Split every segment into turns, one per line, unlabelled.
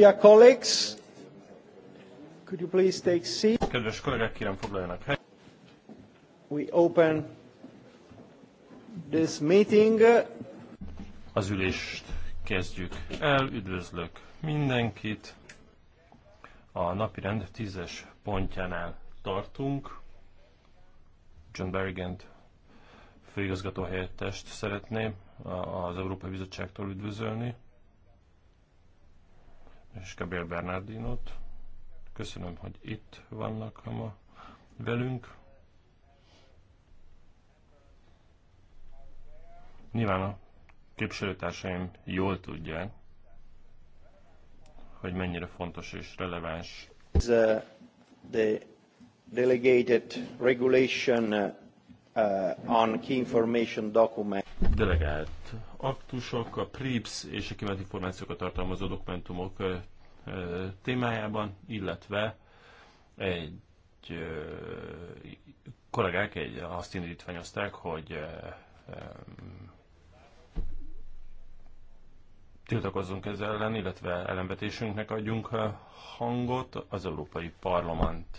Kedves
kollégák, kérem foglaljanak helyet.
We open
this meeting.
Az ülést kezdjük el. Üdvözlök mindenkit. A napirend tízes pontjánál tartunk. John Berrigant főigazgató helyettest szeretném az Európai Bizottságtól üdvözölni és Gabriel Bernardinot. Köszönöm, hogy itt vannak ma velünk. Nyilván a képviselőtársaim jól tudják, hogy mennyire fontos és releváns. Uh,
the delegated regulation uh, Uh, on key information document.
Delegált aktusok, a PRIPS és a kívánt információkat tartalmazó dokumentumok uh, uh, témájában, illetve egy kollégák egy, azt indítványozták, hogy um, tiltakozzunk ezzel ellen, illetve ellenvetésünknek adjunk hangot. Az Európai Parlament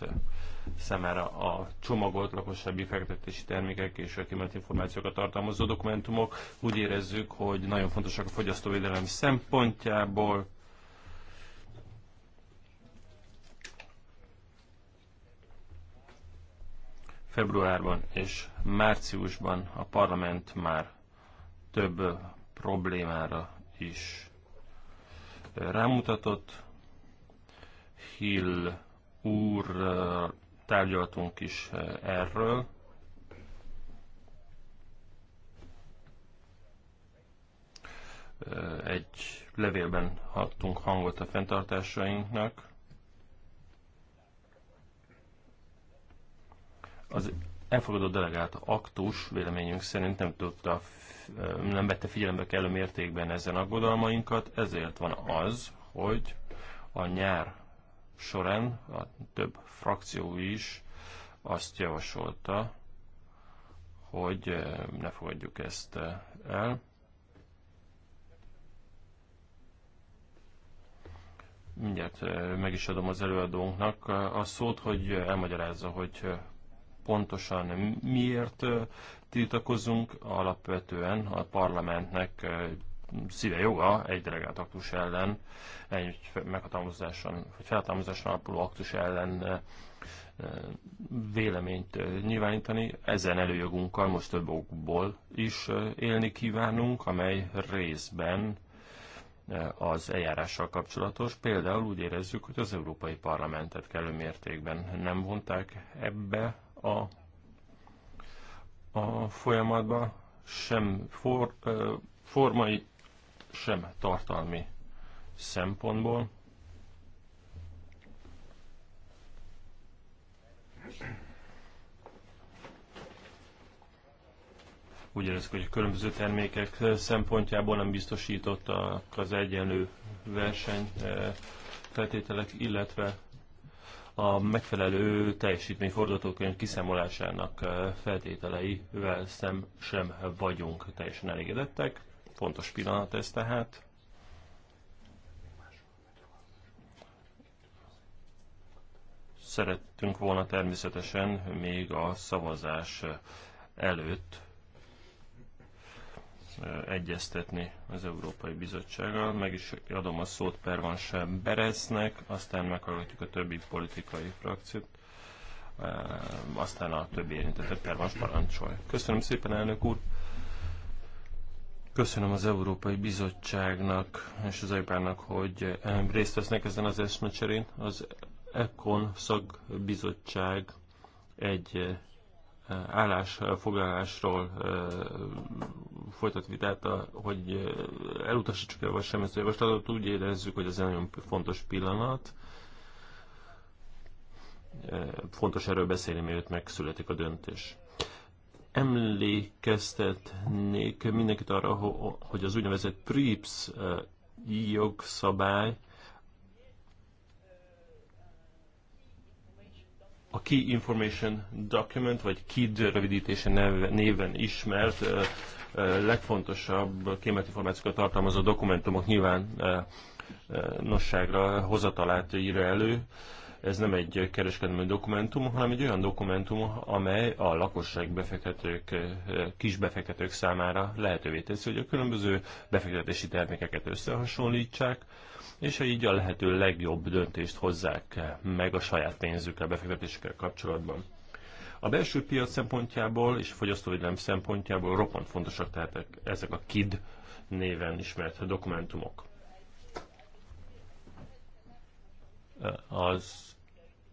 szemére a csomagolt lakossági fektetési termékek és a kimelt információkat tartalmazó dokumentumok. Úgy érezzük, hogy nagyon fontosak a fogyasztóvédelem szempontjából. Februárban és márciusban a parlament már több problémára is rámutatott. Hill úr tárgyaltunk is erről. Egy levélben adtunk hangot a fenntartásainknak. Az elfogadott delegált aktus véleményünk szerint nem tudta nem vette figyelembe kellő mértékben ezen aggodalmainkat, ezért van az, hogy a nyár során a több frakció is azt javasolta, hogy ne fogadjuk ezt el. Mindjárt meg is adom az előadónknak a szót, hogy elmagyarázza, hogy pontosan miért tiltakozunk, alapvetően a parlamentnek szíve joga egy delegált aktus ellen, egy meghatalmazáson, vagy felhatalmazáson alapuló aktus ellen véleményt nyilvánítani. Ezen előjogunkkal most több okból is élni kívánunk, amely részben az eljárással kapcsolatos. Például úgy érezzük, hogy az Európai Parlamentet kellő mértékben nem vonták ebbe a a folyamatban sem for, formai, sem tartalmi szempontból. Úgy érezzük, hogy a különböző termékek szempontjából nem biztosítottak az egyenlő verseny feltételek, illetve a megfelelő teljesítmény forgatókönyv kiszámolásának eh, feltételeivel szem sem vagyunk teljesen elégedettek. Fontos pillanat ez tehát. Szerettünk volna természetesen még a szavazás előtt egyeztetni az Európai Bizottsággal. Meg is adom a szót Pervans Bereznek, aztán meghallgatjuk a többi politikai frakciót, aztán a többi érintettet Pervans parancsolj. Köszönöm szépen, elnök úr! Köszönöm az Európai Bizottságnak és az EIPának, hogy részt vesznek ezen az eszmecserén. Az ECON szakbizottság egy állásfoglalásról folytat vitát, hogy elutasítsuk el vagy sem ezt a javaslatot, úgy érezzük, hogy ez egy nagyon fontos pillanat. Fontos erről beszélni, mielőtt megszületik a döntés. Emlékeztetnék mindenkit arra, hogy az úgynevezett PRIPS jogszabály a Key Information Document, vagy KID rövidítése néven ismert legfontosabb kémet információkat tartalmazó dokumentumok nyilván nosságra hozatalát írja elő. Ez nem egy kereskedelmi dokumentum, hanem egy olyan dokumentum, amely a lakosság befektetők, befektetők számára lehetővé teszi, hogy a különböző befektetési termékeket összehasonlítsák, és így a lehető legjobb döntést hozzák meg a saját pénzükkel, befektetésükkel kapcsolatban. A belső piac szempontjából és a fogyasztóvédelem szempontjából roppant fontosak tehát ezek a KID néven ismert dokumentumok. Az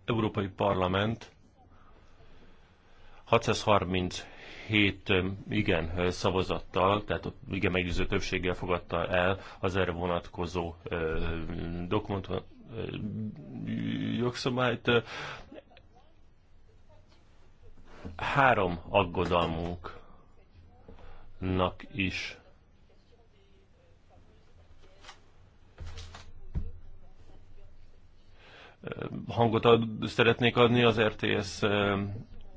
Európai Parlament 637 7 igen szavazattal, tehát igen meggyőző többséggel fogadta el az erre vonatkozó dokumentum jogszabályt. Három aggodalmunknak is hangot ad, szeretnék adni az RTS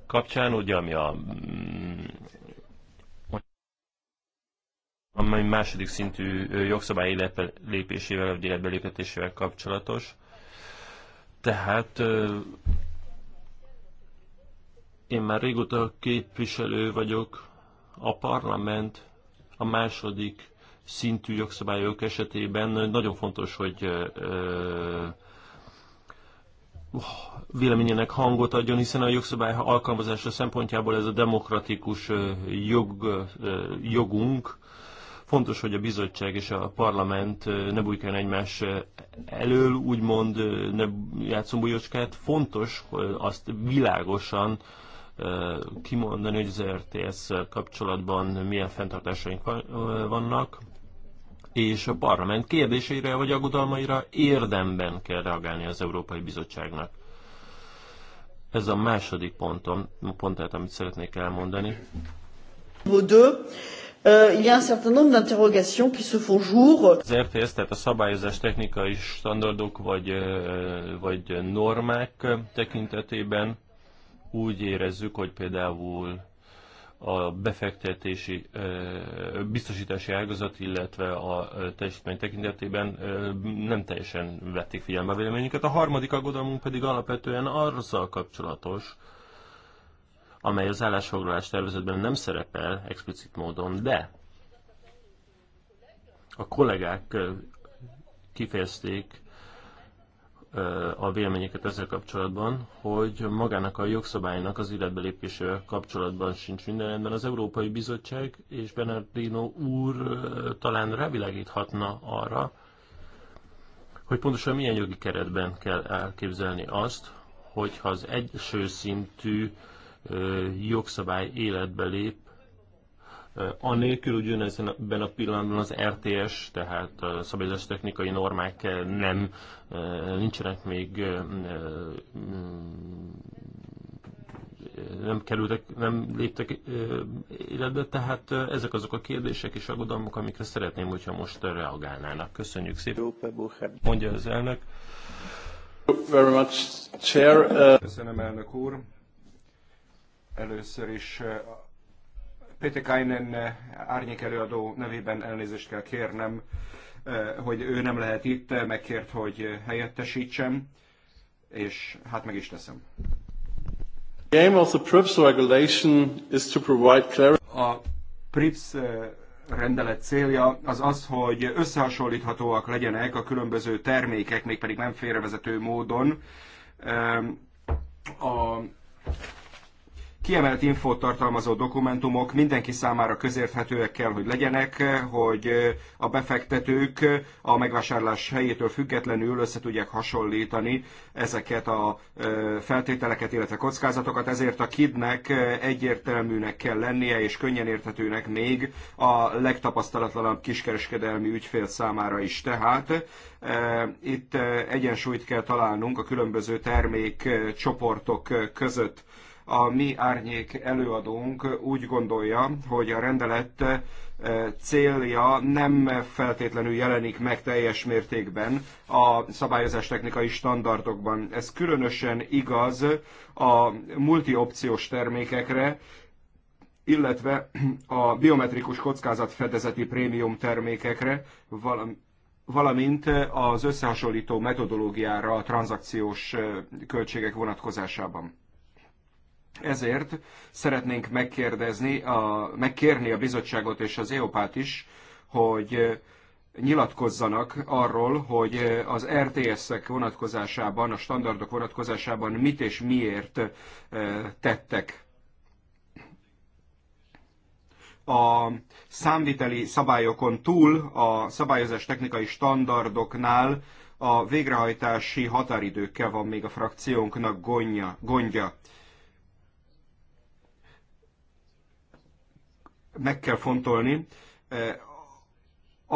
kapcsán, ugye, ami a amely második szintű jogszabály lépésével, vagy életbe léptetésével kapcsolatos. Tehát én már régóta képviselő vagyok, a parlament a második szintű jogszabályok esetében nagyon fontos, hogy véleményének hangot adjon, hiszen a jogszabály alkalmazása szempontjából ez a demokratikus jog, jogunk. Fontos, hogy a bizottság és a parlament ne bújkán egymás elől, úgymond ne játszom bujocskát. Fontos hogy azt világosan kimondani, hogy az e RTS kapcsolatban milyen fenntartásaink vannak és a parlament kérdéseire vagy aggodalmaira érdemben kell reagálni az Európai Bizottságnak. Ez a második pontom, pontát, amit szeretnék elmondani.
Euh,
az RTS, tehát a szabályozás technikai standardok vagy, euh, vagy normák tekintetében úgy érezzük, hogy például a befektetési biztosítási ágazat, illetve a teljesítmény tekintetében nem teljesen vették figyelembe a véleményüket. A harmadik aggodalmunk pedig alapvetően azzal kapcsolatos, amely az állásfoglalás tervezetben nem szerepel explicit módon, de a kollégák kifejezték a véleményeket ezzel kapcsolatban, hogy magának a jogszabálynak az életbelépésével kapcsolatban sincs minden rendben. Az Európai Bizottság és Bernardino úr talán rávilágíthatna arra, hogy pontosan milyen jogi keretben kell elképzelni azt, hogyha az egyső szintű jogszabály életbe lép, Anélkül ugyanezben a pillanatban az RTS, tehát a szabályozás technikai normák nem, nincsenek még nem kerültek, nem léptek életbe, tehát ezek azok a kérdések és aggodalmak, amikre szeretném, hogyha most reagálnának. Köszönjük szépen. Mondja az elnök. Very much, chair.
Köszönöm, elnök úr. Először is Pétekainen eh, árnyék előadó nevében elnézést kell kérnem, eh, hogy ő nem lehet itt, eh, megkért, hogy helyettesítsem, és hát meg is teszem. A PRIPS rendelet célja az az, hogy összehasonlíthatóak legyenek a különböző termékek, mégpedig nem félrevezető módon a Kiemelt infót tartalmazó dokumentumok mindenki számára közérthetőek kell, hogy legyenek, hogy a befektetők a megvásárlás helyétől függetlenül össze tudják hasonlítani ezeket a feltételeket, illetve kockázatokat. Ezért a KID-nek egyértelműnek kell lennie, és könnyen érthetőnek még a legtapasztalatlanabb kiskereskedelmi ügyfél számára is. Tehát itt egyensúlyt kell találnunk a különböző termékcsoportok között a mi árnyék előadónk úgy gondolja, hogy a rendelet e, célja nem feltétlenül jelenik meg teljes mértékben a szabályozás technikai standardokban. Ez különösen igaz a multiopciós termékekre, illetve a biometrikus fedezeti prémium termékekre, valamint az összehasonlító metodológiára a tranzakciós e, költségek vonatkozásában. Ezért szeretnénk megkérdezni, a, megkérni a bizottságot és az EOPÁT is, hogy eh, nyilatkozzanak arról, hogy eh, az RTS-ek vonatkozásában, a standardok vonatkozásában mit és miért eh, tettek. A számviteli szabályokon túl a szabályozás technikai standardoknál a végrehajtási határidőkkel van még a frakciónknak gondja. gondja. meg kell fontolni eh,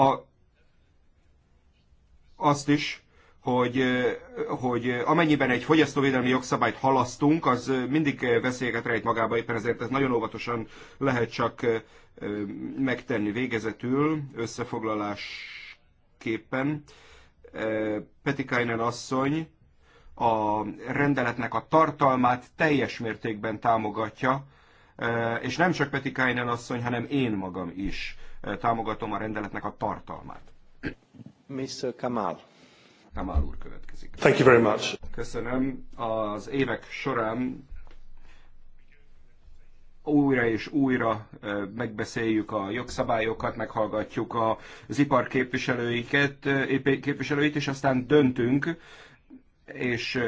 a, azt is, hogy, eh, hogy amennyiben egy fogyasztóvédelmi jogszabályt halasztunk, az mindig veszélyeket rejt magába, éppen ezért ez nagyon óvatosan lehet csak eh, megtenni végezetül, összefoglalásképpen. Petikainen asszony a rendeletnek a tartalmát teljes mértékben támogatja, és nem csak Peti Kájnen asszony, hanem én magam is támogatom a rendeletnek a tartalmát. Mr. Kamal. Kamal úr következik. Thank you very much. Köszönöm. Az évek során újra és újra megbeszéljük a jogszabályokat, meghallgatjuk az ipar képviselőiket, képviselőit, és aztán döntünk, és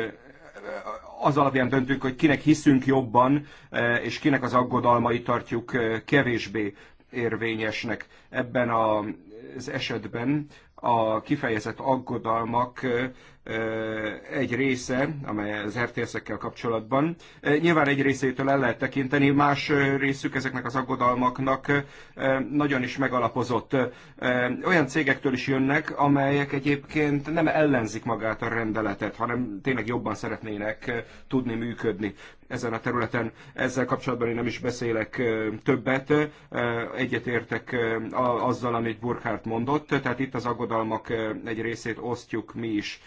az alapján döntünk, hogy kinek hiszünk jobban, e, és kinek az aggodalmait tartjuk e, kevésbé érvényesnek. Ebben az esetben a kifejezett aggodalmak e, egy része, amely az RTS-ekkel kapcsolatban. Nyilván egy részétől el lehet tekinteni, más részük ezeknek az aggodalmaknak nagyon is megalapozott. Olyan cégektől is jönnek, amelyek egyébként nem ellenzik magát a rendeletet, hanem tényleg jobban szeretnének tudni működni ezen a területen. Ezzel kapcsolatban én nem is beszélek többet, egyetértek azzal, amit Burkhardt mondott, tehát itt az aggodalmak egy részét osztjuk mi is.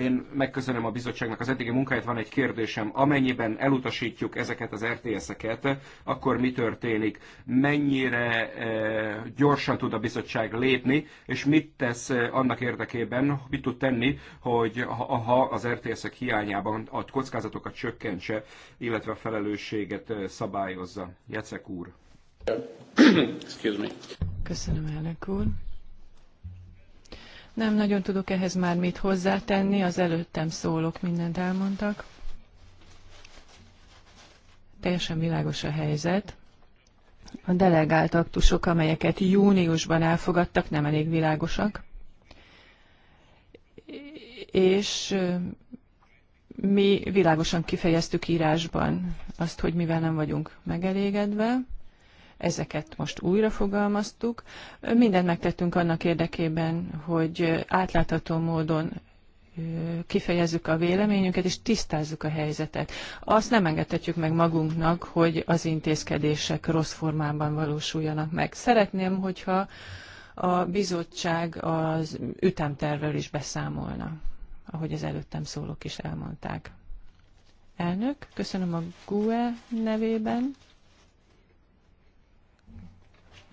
Én megköszönöm a bizottságnak az eddigi munkáját, van egy kérdésem. Amennyiben elutasítjuk ezeket az RTS-eket, akkor mi történik? Mennyire eh, gyorsan tud a bizottság lépni, és mit tesz eh, annak érdekében, mit tud tenni, hogy ha az RTS-ek hiányában a kockázatokat csökkentse, illetve a felelősséget eh, szabályozza? Jacek úr.
Köszönöm, elnök úr. Nem nagyon tudok ehhez már mit hozzátenni, az előttem szólok, mindent elmondtak. Teljesen világos a helyzet. A delegált aktusok, amelyeket júniusban elfogadtak, nem elég világosak. És mi világosan kifejeztük írásban azt, hogy mivel nem vagyunk megelégedve, ezeket most újra fogalmaztuk. Mindent megtettünk annak érdekében, hogy átlátható módon kifejezzük a véleményünket, és tisztázzuk a helyzetet. Azt nem engedhetjük meg magunknak, hogy az intézkedések rossz formában valósuljanak meg. Szeretném, hogyha a bizottság az ütemtervről is beszámolna, ahogy az előttem szólók is elmondták. Elnök, köszönöm a GUE nevében.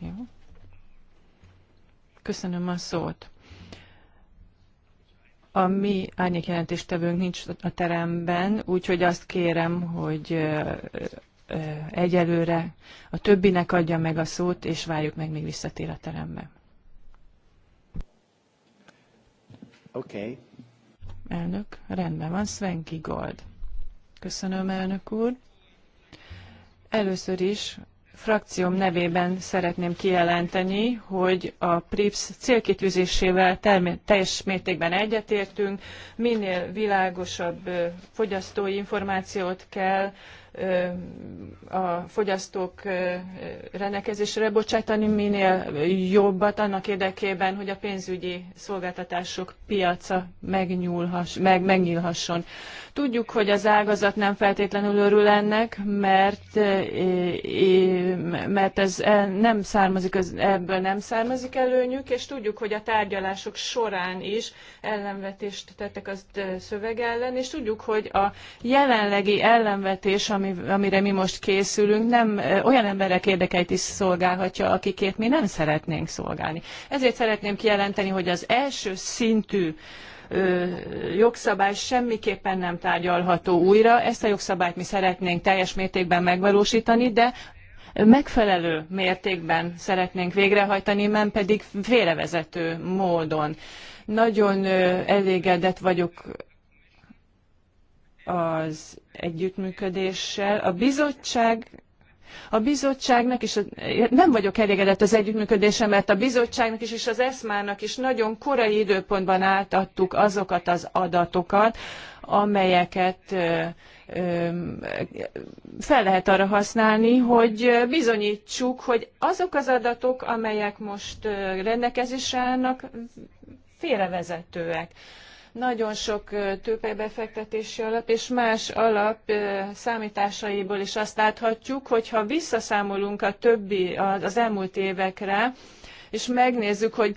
Jó. Köszönöm a szót. A mi árnyékjelentéstevőnk nincs a teremben, úgyhogy azt kérem, hogy egyelőre a többinek adja meg a szót, és várjuk meg, még visszatér a terembe. Oké. Okay. Elnök, rendben van, Svenki Gold. Köszönöm, elnök úr. Először is frakcióm nevében szeretném kijelenteni, hogy a PRIPS célkitűzésével teljes mértékben egyetértünk, minél világosabb fogyasztói információt kell a fogyasztók rendelkezésre bocsátani minél jobbat annak érdekében, hogy a pénzügyi szolgáltatások piaca meg, megnyílhasson. Tudjuk, hogy az ágazat nem feltétlenül örül ennek, mert, mert ez e, nem származik, ebből nem származik előnyük, és tudjuk, hogy a tárgyalások során is ellenvetést tettek az szöveg ellen, és tudjuk, hogy a jelenlegi ellenvetés, ami ami, amire mi most készülünk, nem olyan emberek érdekeit is szolgálhatja, akikét mi nem szeretnénk szolgálni. Ezért szeretném kijelenteni, hogy az első szintű jogszabály semmiképpen nem tárgyalható újra. Ezt a jogszabályt mi szeretnénk teljes mértékben megvalósítani, de megfelelő mértékben szeretnénk végrehajtani, nem pedig félrevezető módon. Nagyon elégedett vagyok az együttműködéssel. A bizottság a bizottságnak is, nem vagyok elégedett az együttműködésem, mert a bizottságnak is és az eszmának nak is nagyon korai időpontban átadtuk azokat az adatokat, amelyeket fel lehet arra használni, hogy bizonyítsuk, hogy azok az adatok, amelyek most rendelkezésre állnak, félrevezetőek. Nagyon sok tőkebefektetési alap és más alap számításaiból is azt láthatjuk, hogy ha visszaszámolunk a többi az elmúlt évekre, és megnézzük, hogy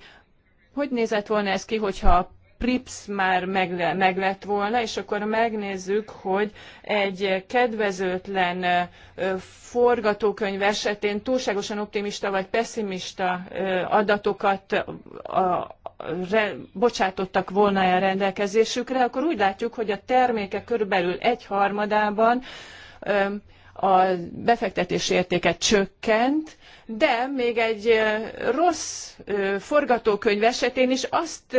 hogy nézett volna ez ki, hogyha a PRIPS már meg, meg lett volna, és akkor megnézzük, hogy egy kedvezőtlen forgatókönyv esetén túlságosan optimista vagy pessimista adatokat re, bocsátottak volna el rendelkezésükre, akkor úgy látjuk, hogy a termékek körülbelül egyharmadában a befektetési értéke csökkent, de még egy rossz forgatókönyv esetén is azt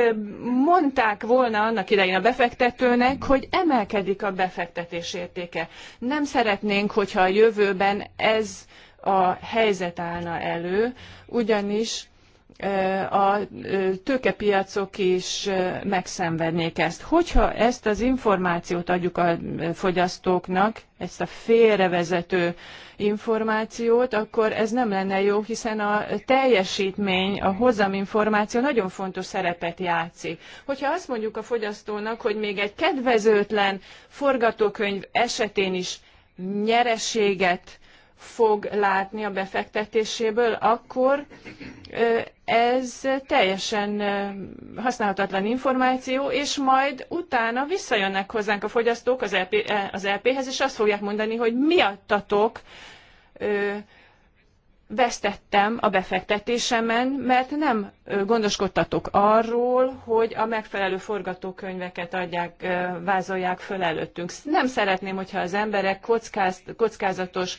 mondták volna annak idején a befektetőnek, hogy emelkedik a befektetés értéke. Nem szeretnénk, hogyha a jövőben ez a helyzet állna elő, ugyanis a tőkepiacok is megszenvednék ezt. Hogyha ezt az információt adjuk a fogyasztóknak, ezt a félrevezető információt, akkor ez nem lenne jó, hiszen a teljesítmény, a hozaminformáció nagyon fontos szerepet játszik. Hogyha azt mondjuk a fogyasztónak, hogy még egy kedvezőtlen forgatókönyv esetén is nyereséget fog látni a befektetéséből, akkor ez teljesen használhatatlan információ, és majd utána visszajönnek hozzánk a fogyasztók az, LP, e e, az LP-hez, e és azt fogják mondani, hogy miattatok vesztettem a befektetésemen, mert nem gondoskodtatok arról, hogy a megfelelő forgatókönyveket adják, vázolják föl előttünk. Nem szeretném, hogyha az emberek kockáz, kockázatos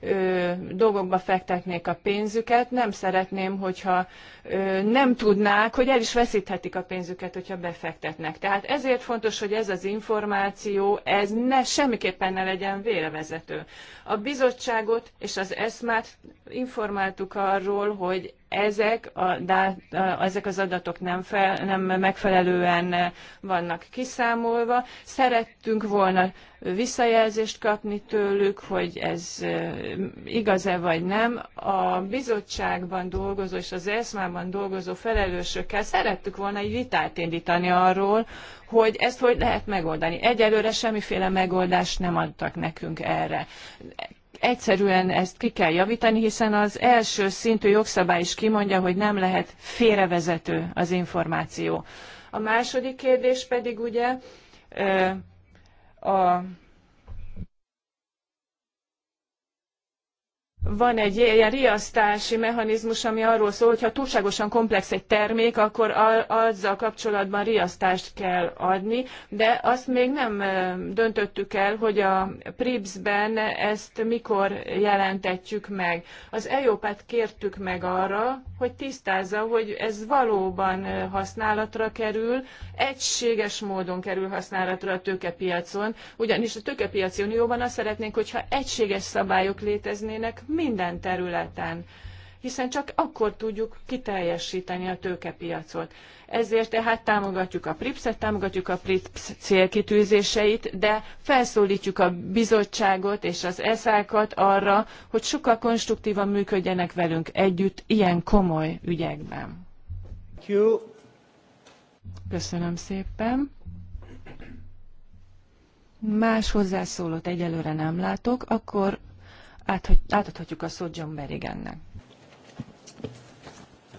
ö, dolgokba fektetnék a pénzüket. Nem szeretném, hogyha ö, nem tudnák, hogy el is veszíthetik a pénzüket, hogyha befektetnek. Tehát ezért fontos, hogy ez az információ, ez ne semmiképpen ne legyen vélevezető. A bizottságot és az ESMát informáltuk arról, hogy ezek, a, de, ezek az adatok nem, fel, nem megfelelően vannak kiszámolva. Szerettünk volna visszajelzést kapni tőlük, hogy ez igaz-e vagy nem. A bizottságban dolgozó és az ESMA-ban dolgozó felelősökkel szerettük volna egy vitát indítani arról, hogy ezt hogy lehet megoldani. Egyelőre semmiféle megoldást nem adtak nekünk erre egyszerűen ezt ki kell javítani, hiszen az első szintű jogszabály is kimondja, hogy nem lehet félrevezető az információ. A második kérdés pedig ugye a van egy ilyen riasztási mechanizmus, ami arról szól, hogy ha túlságosan komplex egy termék, akkor azzal kapcsolatban riasztást kell adni, de azt még nem döntöttük el, hogy a PRIPS-ben ezt mikor jelentetjük meg. Az EIOPát kértük meg arra, hogy tisztázza, hogy ez valóban használatra kerül, egységes módon kerül használatra a tőkepiacon, ugyanis a tőkepiaci unióban azt szeretnénk, hogyha egységes szabályok léteznének minden területen hiszen csak akkor tudjuk kiteljesíteni a tőkepiacot. Ezért tehát támogatjuk a PRIPS-et, támogatjuk a PRIPS célkitűzéseit, de felszólítjuk a bizottságot és az eszákat arra, hogy sokkal konstruktívan működjenek velünk együtt ilyen komoly ügyekben. Köszönöm szépen. Más hozzászólót egyelőre nem látok, akkor átadhatjuk a szót John Berrigennek.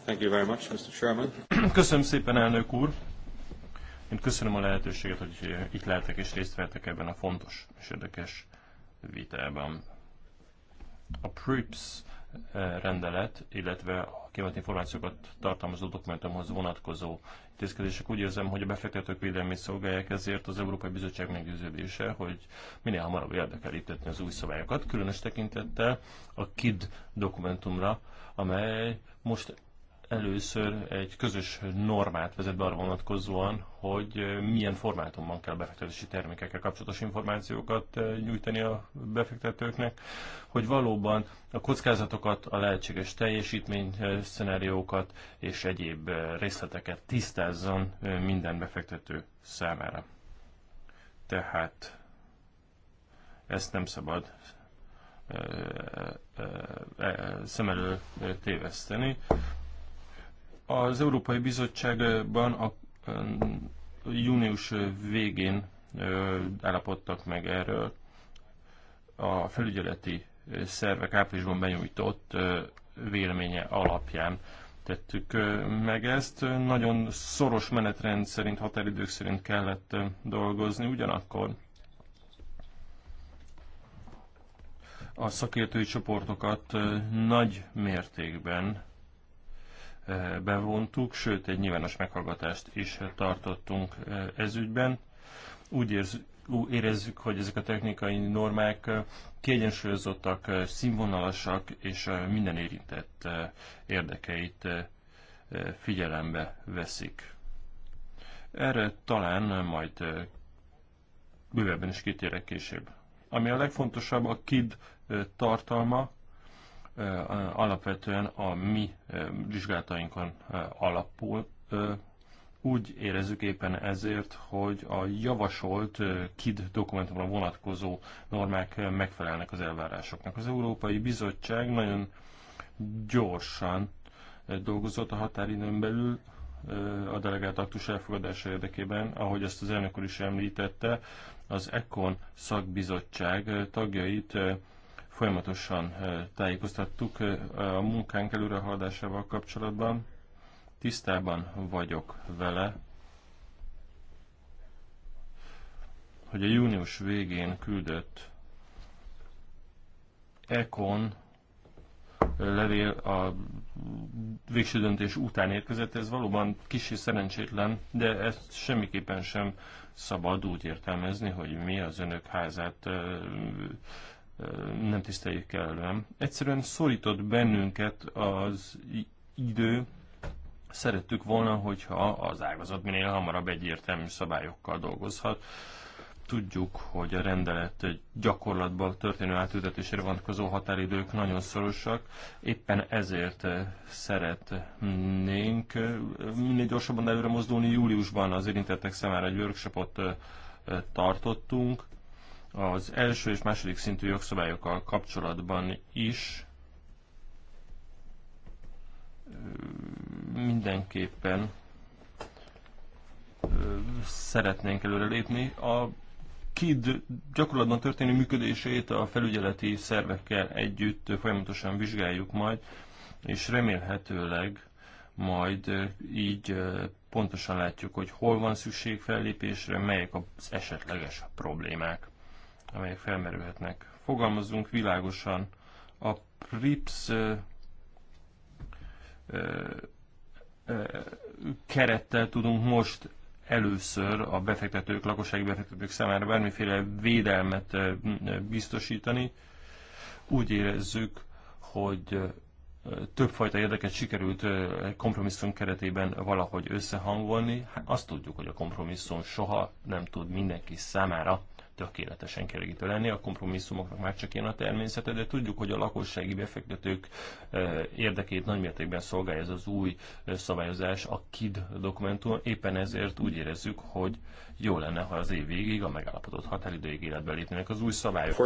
Thank you very much, Mr. Chairman. Köszönöm
szépen, elnök úr. Én köszönöm a lehetőséget, hogy itt lehetek és részt vettek ebben a fontos és érdekes vitában. A PRIPS E, rendelet, illetve a kívánt információkat tartalmazó dokumentumhoz vonatkozó intézkedések. Úgy érzem, hogy a befektetők védelmét szolgálják, ezért az Európai Bizottság meggyőződése, hogy minél hamarabb érdekel léptetni az új szabályokat, különös tekintettel a KID dokumentumra, amely most először egy közös normát vezet be arra vonatkozóan, hogy milyen formátumban kell befektetési termékekkel kapcsolatos információkat eh, nyújtani a befektetőknek, hogy valóban a kockázatokat, a lehetséges teljesítmény eh, szenáriókat és egyéb eh, részleteket tisztázzon minden befektető számára. Tehát ezt nem szabad szem elől téveszteni. Az Európai Bizottságban a június végén állapodtak meg erről a felügyeleti szervek áprilisban benyújtott véleménye alapján tettük meg ezt. Nagyon szoros menetrend szerint, határidők szerint kellett dolgozni, ugyanakkor a szakértői csoportokat nagy mértékben bevontuk, sőt egy nyilvános meghallgatást is tartottunk eh, ezügyben. Úgy érz, érezzük, hogy ezek a technikai normák eh, kiegyensúlyozottak, eh, színvonalasak és minden érintett érdekeit figyelembe veszik. Erre talán majd bővebben is kitérek később. Ami a legfontosabb, a KID tartalma, alapvetően a mi vizsgálatainkon alapul. Úgy érezzük éppen ezért, hogy a javasolt KID dokumentumra vonatkozó normák megfelelnek az elvárásoknak. Az Európai Bizottság nagyon gyorsan dolgozott a határidőn belül a delegált aktus elfogadása érdekében, ahogy ezt az elnök úr is említette, az ECON szakbizottság tagjait Folyamatosan tájékoztattuk a munkánk előrehaladásával kapcsolatban. Tisztában vagyok vele, hogy a június végén küldött Econ levél a végső döntés után érkezett. Ez valóban kicsi szerencsétlen, de ezt semmiképpen sem szabad úgy értelmezni, hogy mi az önök házát nem tiszteljük kellően. Egyszerűen szorított bennünket az idő, szerettük volna, hogyha az ágazat minél hamarabb egyértelmű szabályokkal dolgozhat. Tudjuk, hogy a rendelet gyakorlatban történő átültetésére vonatkozó határidők nagyon szorosak, éppen ezért szeretnénk minél gyorsabban előre mozdulni. Júliusban az érintettek számára egy workshopot tartottunk, az első és második szintű jogszabályokkal kapcsolatban is mindenképpen szeretnénk előrelépni. A KID gyakorlatban történő működését a felügyeleti szervekkel együtt folyamatosan vizsgáljuk majd, és remélhetőleg majd így pontosan látjuk, hogy hol van szükség fellépésre, melyek az esetleges problémák amelyek felmerülhetnek. Fogalmazzunk világosan, a PRIPS ö, ö, ö, kerettel tudunk most először a befektetők, lakossági befektetők számára bármiféle védelmet biztosítani. Úgy érezzük, hogy többfajta érdeket sikerült kompromisszum keretében valahogy összehangolni. Hát azt tudjuk, hogy a kompromisszum soha nem tud mindenki számára tökéletesen kerülítő lenni. A kompromisszumoknak már csak ilyen a természete, de tudjuk, hogy a lakossági befektetők eh, érdekét nagymértékben szolgálja ez az új eh, szabályozás, a KID dokumentum. Éppen ezért úgy érezzük, hogy jó lenne, ha az év végig a megállapodott határidőig életbe lépnének az új szabályok.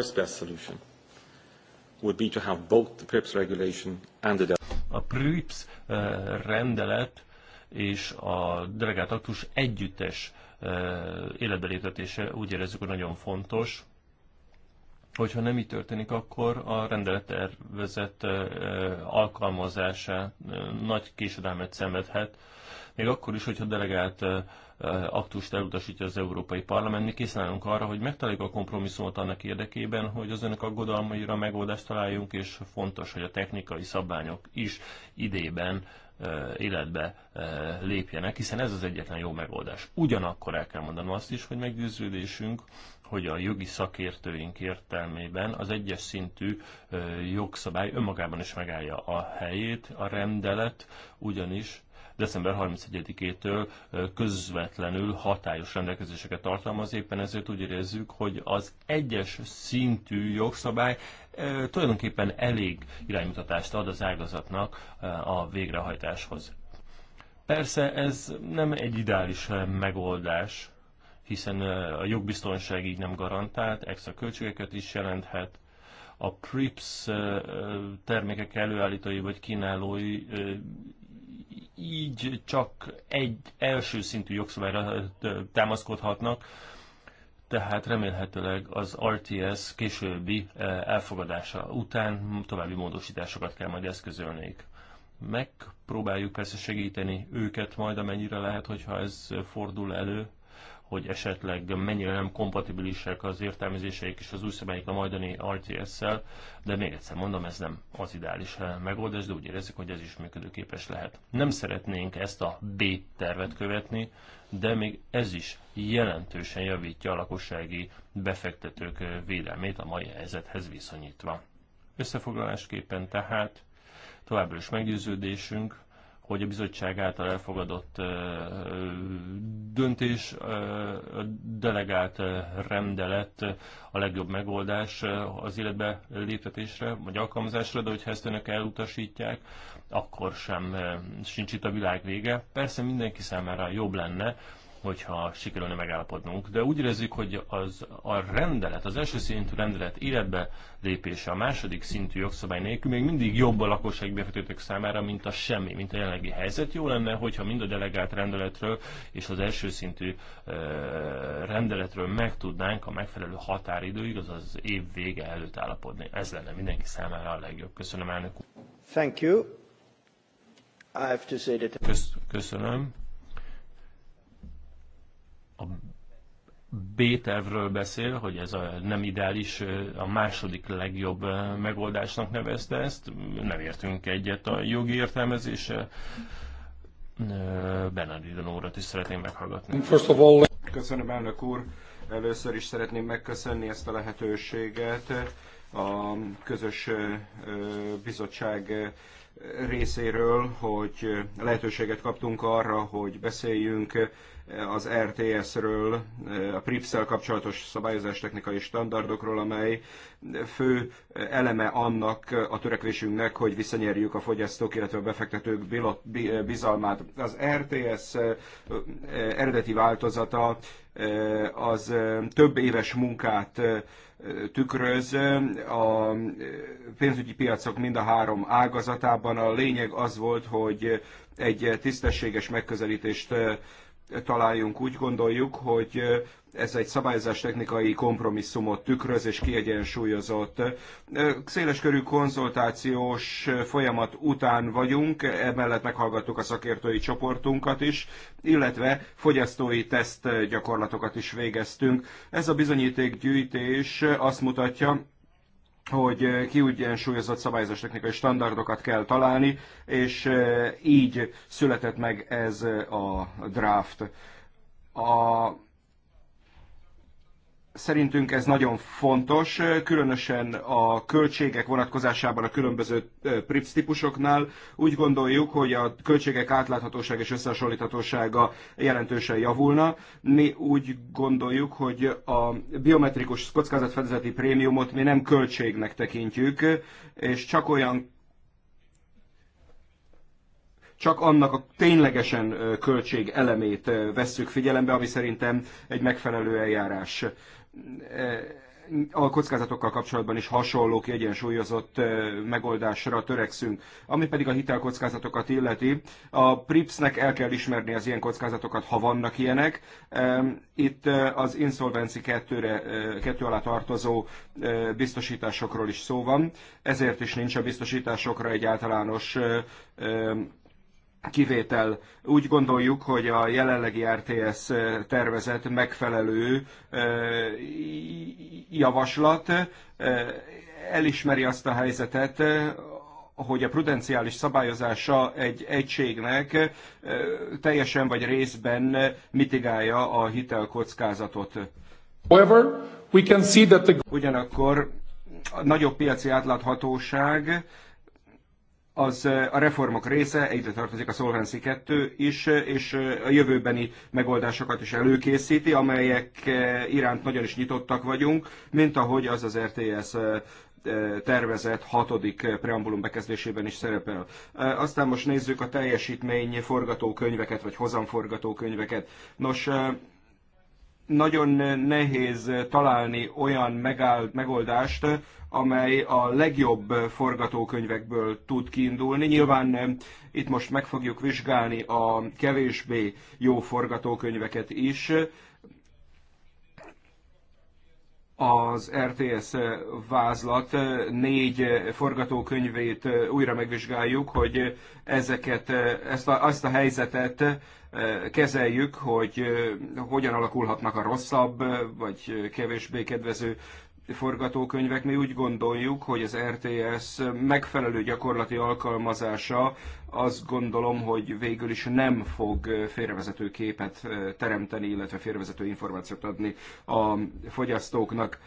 a PRIPS eh, rendelet és a delegált aktus együttes életbe léptetése úgy érezzük, hogy nagyon fontos. Hogyha nem így történik, akkor a rendelettervezet alkalmazása nagy késedelmet szenvedhet, még akkor is, hogyha delegált aktust elutasítja az Európai Parlament, mi készen állunk arra, hogy megtaláljuk a kompromisszumot annak érdekében, hogy az önök aggodalmaira megoldást találjunk, és fontos, hogy a technikai szabványok is idében életbe lépjenek, hiszen ez az egyetlen jó megoldás. Ugyanakkor el kell mondanom azt is, hogy meggyőződésünk, hogy a jogi szakértőink értelmében az egyes szintű jogszabály önmagában is megállja a helyét, a rendelet, ugyanis december 31-től közvetlenül hatályos rendelkezéseket tartalmaz. Éppen ezért úgy érezzük, hogy az egyes szintű jogszabály tulajdonképpen elég iránymutatást ad az ágazatnak a végrehajtáshoz. Persze ez nem egy ideális megoldás, hiszen a jogbiztonság így nem garantált, extra költségeket is jelenthet, a PRIPS termékek előállítói vagy kínálói így csak egy első szintű jogszabályra támaszkodhatnak, tehát remélhetőleg az RTS későbbi eh, elfogadása után további módosításokat kell majd eszközölnék. Megpróbáljuk persze segíteni őket majd, amennyire lehet, hogyha ez fordul elő, hogy esetleg mennyire nem kompatibilisek az értelmezéseik és az új szabályok a majdani RTS-szel, de még egyszer mondom, ez nem az ideális eh, megoldás, de úgy érezzük, hogy ez is működőképes lehet. Nem szeretnénk ezt a B tervet követni, de még ez is jelentősen javítja a lakossági befektetők védelmét a mai helyzethez viszonyítva. Összefoglalásképpen tehát továbbra is meggyőződésünk, hogy a bizottság által elfogadott döntés, delegált rendelet a legjobb megoldás az életbe léptetésre, vagy alkalmazásra, de hogyha ezt önök elutasítják, akkor sem sincs itt a világ vége. Persze mindenki számára jobb lenne, hogyha sikerülne megállapodnunk, de úgy érezzük, hogy az a rendelet, az első szintű rendelet életbe lépése a második szintű jogszabály nélkül még mindig jobb a lakossági befektetők számára, mint a semmi, mint a jelenlegi helyzet. Jó lenne, hogyha mind a delegált rendeletről és az első szintű rendeletről megtudnánk a megfelelő határidőig, azaz az év vége előtt állapodni. Ez lenne mindenki számára a legjobb. Köszönöm, elnök úr.
Thank you. I have to say that... Kösz,
köszönöm a b beszél, hogy ez a nem ideális, a második legjobb megoldásnak nevezte ezt. Nem értünk egyet a jogi értelmezése. Benedikt Nórat is szeretném meghallgatni.
Köszönöm, elnök úr. Először is szeretném megköszönni ezt a lehetőséget a közös bizottság részéről, hogy lehetőséget kaptunk arra, hogy beszéljünk az RTS-ről, a PRIPS-szel kapcsolatos szabályozás technikai standardokról, amely fő eleme annak a törekvésünknek, hogy visszanyerjük a fogyasztók, illetve a befektetők bizalmát. Az RTS eredeti változata az több éves munkát tükröz a pénzügyi piacok mind a három ágazatában. A lényeg az volt, hogy egy tisztességes megközelítést találjunk. Úgy gondoljuk, hogy ez egy szabályozás technikai kompromisszumot tükröz és kiegyensúlyozott. Széleskörű konzultációs folyamat után vagyunk, emellett meghallgattuk a szakértői csoportunkat is, illetve fogyasztói teszt gyakorlatokat is végeztünk. Ez a bizonyítékgyűjtés azt mutatja, hogy eh, kiúgyensúlyozott szabályozás technikai standardokat kell találni, és eh, így született meg ez eh, a draft. A Szerintünk ez nagyon fontos, különösen a költségek vonatkozásában a különböző PRIPS típusoknál. Úgy gondoljuk, hogy a költségek átláthatóság és összehasonlíthatósága jelentősen javulna. Mi úgy gondoljuk, hogy a biometrikus kockázatfedezeti prémiumot mi nem költségnek tekintjük, és csak olyan csak annak a ténylegesen költség elemét vesszük figyelembe, ami szerintem egy megfelelő eljárás a kockázatokkal kapcsolatban is hasonló, kiegyensúlyozott megoldásra törekszünk. Ami pedig a hitelkockázatokat illeti, a PRIPS-nek el kell ismerni az ilyen kockázatokat, ha vannak ilyenek. Itt az Insolvency 2-re, 2 alá tartozó biztosításokról is szó van, ezért is nincs a biztosításokra egy általános kivétel. Úgy gondoljuk, hogy a jelenlegi RTS eh, tervezet megfelelő eh, javaslat eh, elismeri azt a helyzetet, hogy a prudenciális szabályozása egy egységnek teljesen vagy részben mitigálja a hitelkockázatot. Ugyanakkor a nagyobb piaci átláthatóság az a reformok része, egyre tartozik a Solvency 2 is, és a jövőbeni megoldásokat is előkészíti, amelyek iránt nagyon is nyitottak vagyunk, mint ahogy az az RTS tervezett hatodik preambulum bekezdésében is szerepel. Aztán most nézzük a teljesítmény forgatókönyveket, vagy hozamforgatókönyveket. Nos, nagyon nehéz találni olyan megáll, megoldást, amely a legjobb forgatókönyvekből tud kiindulni. Nyilván eh, itt most meg fogjuk vizsgálni a kevésbé jó forgatókönyveket is, az RTS vázlat eh, négy eh, forgatókönyvét eh, újra megvizsgáljuk, hogy ezeket, ezt a, azt a helyzetet kezeljük, hogy hogyan alakulhatnak a rosszabb vagy kevésbé kedvező forgatókönyvek. Mi úgy gondoljuk, hogy az RTS megfelelő gyakorlati alkalmazása azt gondolom, hogy végül is nem fog félrevezető képet teremteni, illetve félrevezető információt adni a fogyasztóknak.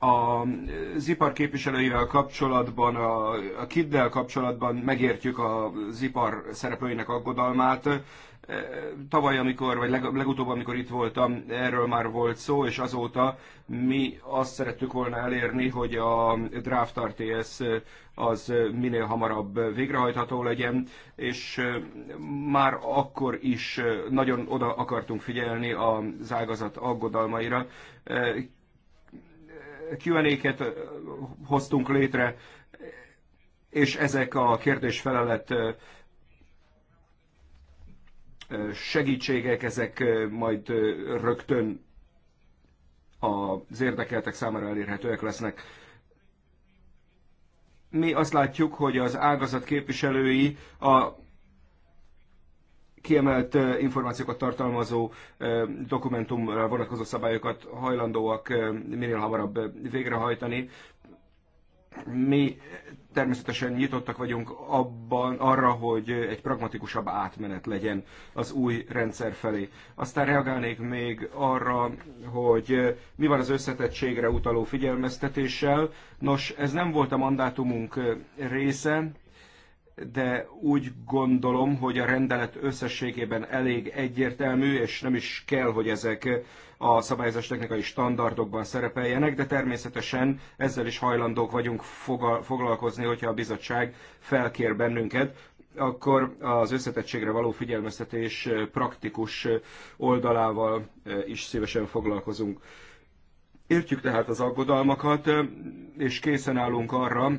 A ipar képviselőivel kapcsolatban, a, a kiddel kapcsolatban megértjük az ipar szereplőinek aggodalmát. Tavaly, amikor, vagy legutóbb, amikor itt voltam, erről már volt szó, és azóta mi azt szerettük volna elérni, hogy a Draft RTS az minél hamarabb végrehajtható legyen, és már akkor is nagyon oda akartunk figyelni az ágazat aggodalmaira. Q&A-ket hoztunk létre, és ezek a kérdésfelelet segítségek, ezek majd rögtön az érdekeltek számára elérhetőek lesznek. Mi azt látjuk, hogy az ágazat képviselői a kiemelt információkat tartalmazó dokumentumra vonatkozó szabályokat hajlandóak minél hamarabb végrehajtani. Mi természetesen nyitottak vagyunk abban arra, hogy egy pragmatikusabb átmenet legyen az új rendszer felé. Aztán reagálnék még arra, hogy mi van az összetettségre utaló figyelmeztetéssel. Nos, ez nem volt a mandátumunk része, de úgy gondolom, hogy a rendelet összességében elég egyértelmű, és nem is kell, hogy ezek a szabályozás technikai standardokban szerepeljenek, de természetesen ezzel is hajlandók vagyunk foglalkozni, hogyha a bizottság felkér bennünket, akkor az összetettségre való figyelmeztetés praktikus oldalával is szívesen foglalkozunk. Értjük tehát az aggodalmakat, és készen állunk arra,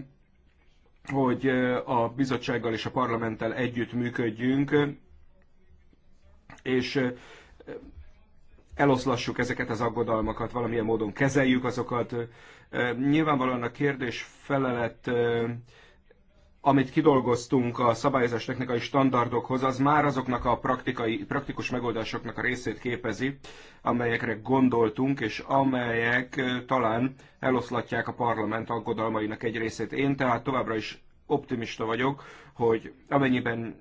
hogy a bizottsággal és a parlamenttel együtt működjünk, és eloszlassuk ezeket az aggodalmakat, valamilyen módon kezeljük azokat. Nyilvánvalóan a kérdés felelet amit kidolgoztunk a szabályozás technikai standardokhoz, az már azoknak a praktikai, praktikus megoldásoknak a részét képezi, amelyekre gondoltunk, és amelyek talán eloszlatják a parlament aggodalmainak egy részét. Én tehát továbbra is optimista vagyok, hogy amennyiben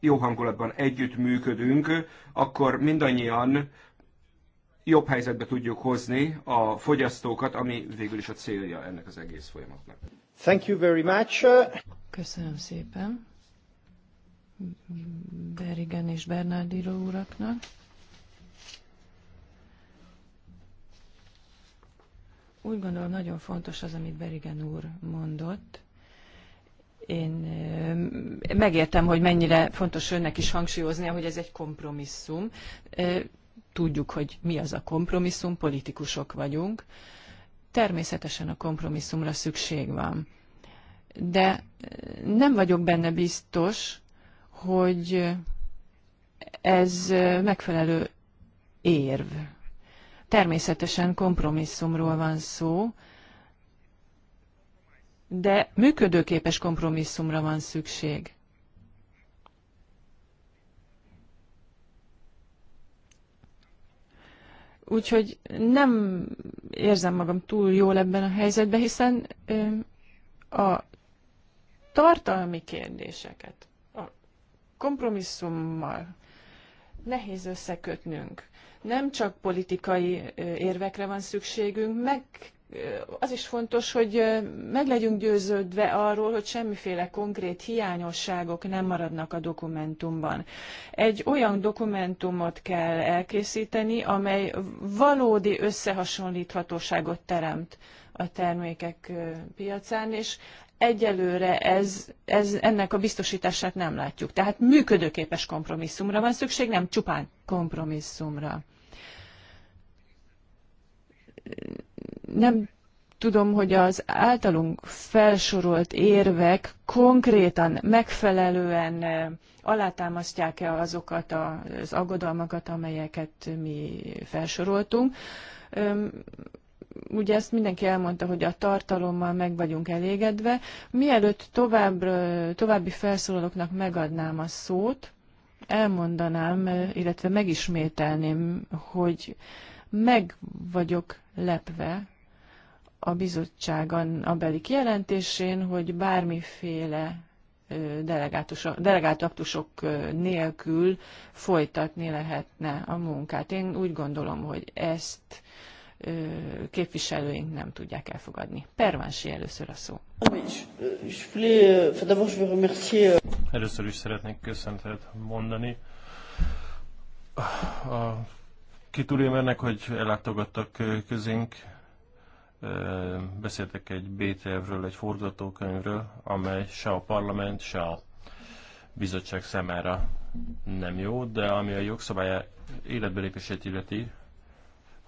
jó hangulatban együtt működünk, akkor mindannyian jobb helyzetbe tudjuk hozni a fogyasztókat, ami végül is a célja ennek az egész folyamatnak. Thank you very
much. Köszönöm szépen. Berigen és Bernardiro uraknak. Úgy gondolom, nagyon fontos az, amit Berigen úr mondott. Én eh, megértem, hogy mennyire fontos önnek is hangsúlyozni, hogy ez egy kompromisszum. Eh, tudjuk, hogy mi az a kompromisszum, politikusok vagyunk. Természetesen a kompromisszumra szükség van de eh, nem vagyok benne biztos, hogy ez eh, megfelelő érv. Természetesen kompromisszumról van szó, de működőképes kompromisszumra van szükség. Úgyhogy nem érzem magam túl jól ebben a helyzetben, hiszen eh, a tartalmi kérdéseket a kompromisszummal nehéz összekötnünk. Nem csak politikai érvekre van szükségünk, meg az is fontos, hogy meg legyünk győződve arról, hogy semmiféle konkrét hiányosságok nem maradnak a dokumentumban. Egy olyan dokumentumot kell elkészíteni, amely valódi összehasonlíthatóságot teremt a termékek piacán, és egyelőre ez, ez, ennek a biztosítását nem látjuk. Tehát működőképes kompromisszumra van szükség, nem csupán kompromisszumra. Nem tudom, hogy az általunk felsorolt érvek konkrétan, megfelelően eh, alátámasztják-e azokat az aggodalmakat, amelyeket mi felsoroltunk ugye ezt mindenki elmondta, hogy a tartalommal meg vagyunk elégedve. Mielőtt tovább, további felszólalóknak megadnám a szót, elmondanám, illetve megismételném, hogy meg vagyok lepve a bizottságon a beli kijelentésén, hogy bármiféle delegátusok nélkül folytatni lehetne a munkát. Én úgy gondolom, hogy ezt képviselőink nem tudják elfogadni. Pervánsi először a szó.
Először is szeretnék köszöntet mondani a kitúrémernek, hogy ellátogattak közénk. Beszéltek egy BTF-ről, egy forgatókönyvről, amely se a parlament, se a bizottság számára nem jó, de ami a jogszabály életbelépését illeti,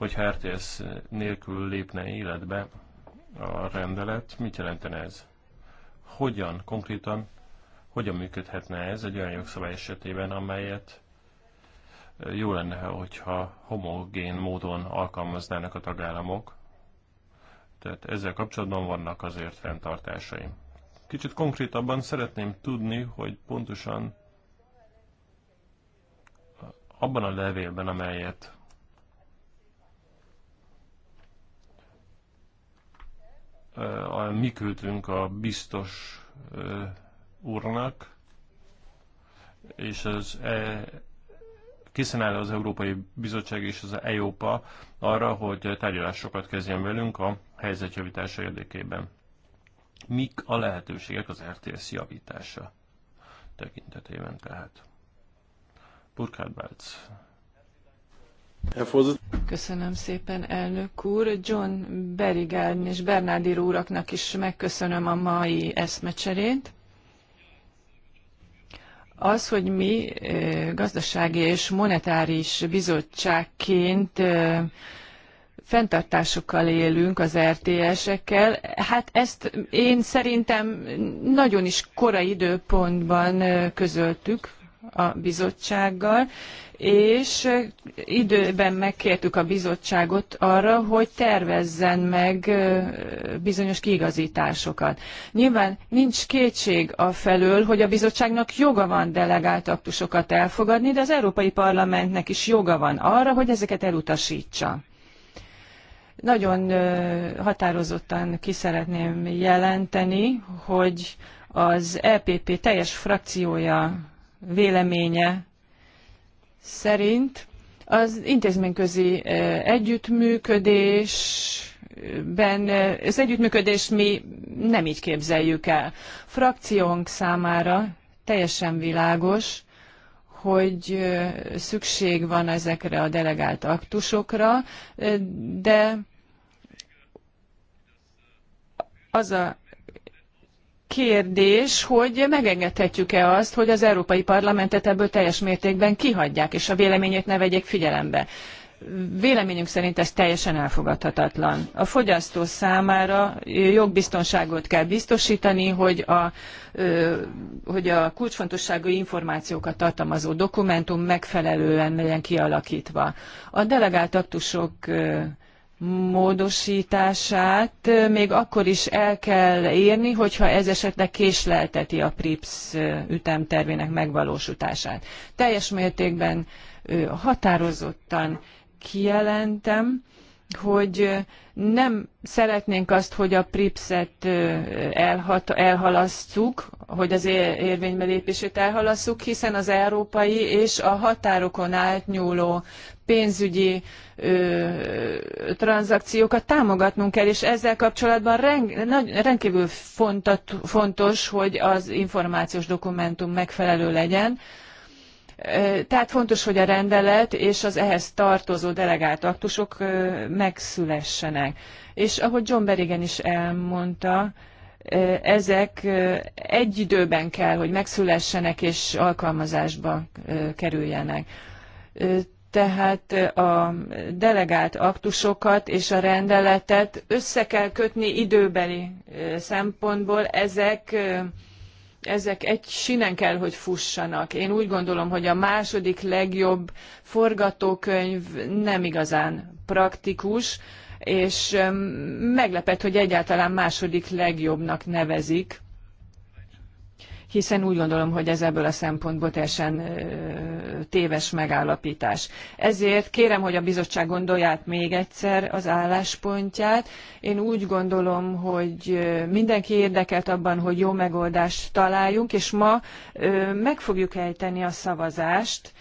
hogy RTS nélkül lépne életbe a rendelet, mit jelentene ez? Hogyan, konkrétan, hogyan működhetne ez egy olyan jogszabály esetében, amelyet jó lenne, hogyha homogén módon alkalmaznának a tagállamok. Tehát ezzel kapcsolatban vannak azért fenntartásaim. Kicsit konkrétabban szeretném tudni, hogy pontosan abban a levélben, amelyet mi küldtünk a biztos úrnak, és az e, készen áll az Európai Bizottság és az EOPA arra, hogy tárgyalásokat kezdjen velünk a helyzetjavítása érdekében. Mik a lehetőségek az RTS javítása tekintetében tehát? Burkhard Balc
Köszönöm szépen, elnök úr. John Berigán és Bernádi úraknak is megköszönöm a mai eszmecserét. Az, hogy mi eh, gazdasági és monetáris bizottságként eh, fenntartásokkal élünk az RTS-ekkel. Hát ezt én szerintem nagyon is korai időpontban eh, közöltük a bizottsággal, és időben megkértük a bizottságot arra, hogy tervezzen meg bizonyos kiigazításokat. Nyilván nincs kétség a felől, hogy a bizottságnak joga van delegált aktusokat elfogadni, de az Európai Parlamentnek is joga van arra, hogy ezeket elutasítsa nagyon határozottan ki szeretném jelenteni, hogy az EPP teljes frakciója véleménye szerint az intézményközi együttműködés ben az együttműködést mi nem így képzeljük el. Frakciónk számára teljesen világos, hogy szükség van ezekre a delegált aktusokra, de az a kérdés, hogy megengedhetjük-e azt, hogy az Európai Parlamentet ebből teljes mértékben kihagyják, és a véleményét ne vegyék figyelembe. Véleményünk szerint ez teljesen elfogadhatatlan. A fogyasztó számára jogbiztonságot kell biztosítani, hogy a, hogy a kulcsfontosságú információkat tartalmazó dokumentum megfelelően legyen kialakítva. A delegált aktusok módosítását még akkor is el kell érni, hogyha ez esetleg késlelteti a PRIPS ütemtervének megvalósítását. Teljes mértékben határozottan kijelentem, hogy nem szeretnénk azt, hogy a PRIPS-et elhalasszuk, hogy az érvénybe lépését elhalasszuk, hiszen az európai és a határokon átnyúló pénzügyi ö, tranzakciókat támogatnunk kell, és ezzel kapcsolatban rendkívül fontat, fontos, hogy az információs dokumentum megfelelő legyen. Tehát fontos, hogy a rendelet és az ehhez tartozó delegált aktusok megszülessenek. És ahogy John Berigen is elmondta, ezek egy időben kell, hogy megszülessenek és alkalmazásba kerüljenek tehát a delegált aktusokat és a rendeletet össze kell kötni időbeli szempontból. Ezek, ezek egy sinen kell, hogy fussanak. Én úgy gondolom, hogy a második legjobb forgatókönyv nem igazán praktikus, és meglepett, hogy egyáltalán második legjobbnak nevezik hiszen úgy gondolom, hogy ez ebből a szempontból teljesen téves megállapítás. Ezért kérem, hogy a bizottság gondolja át még egyszer az álláspontját. Én úgy gondolom, hogy mindenki érdekelt abban, hogy jó megoldást találjunk, és ma meg fogjuk ejteni a szavazást,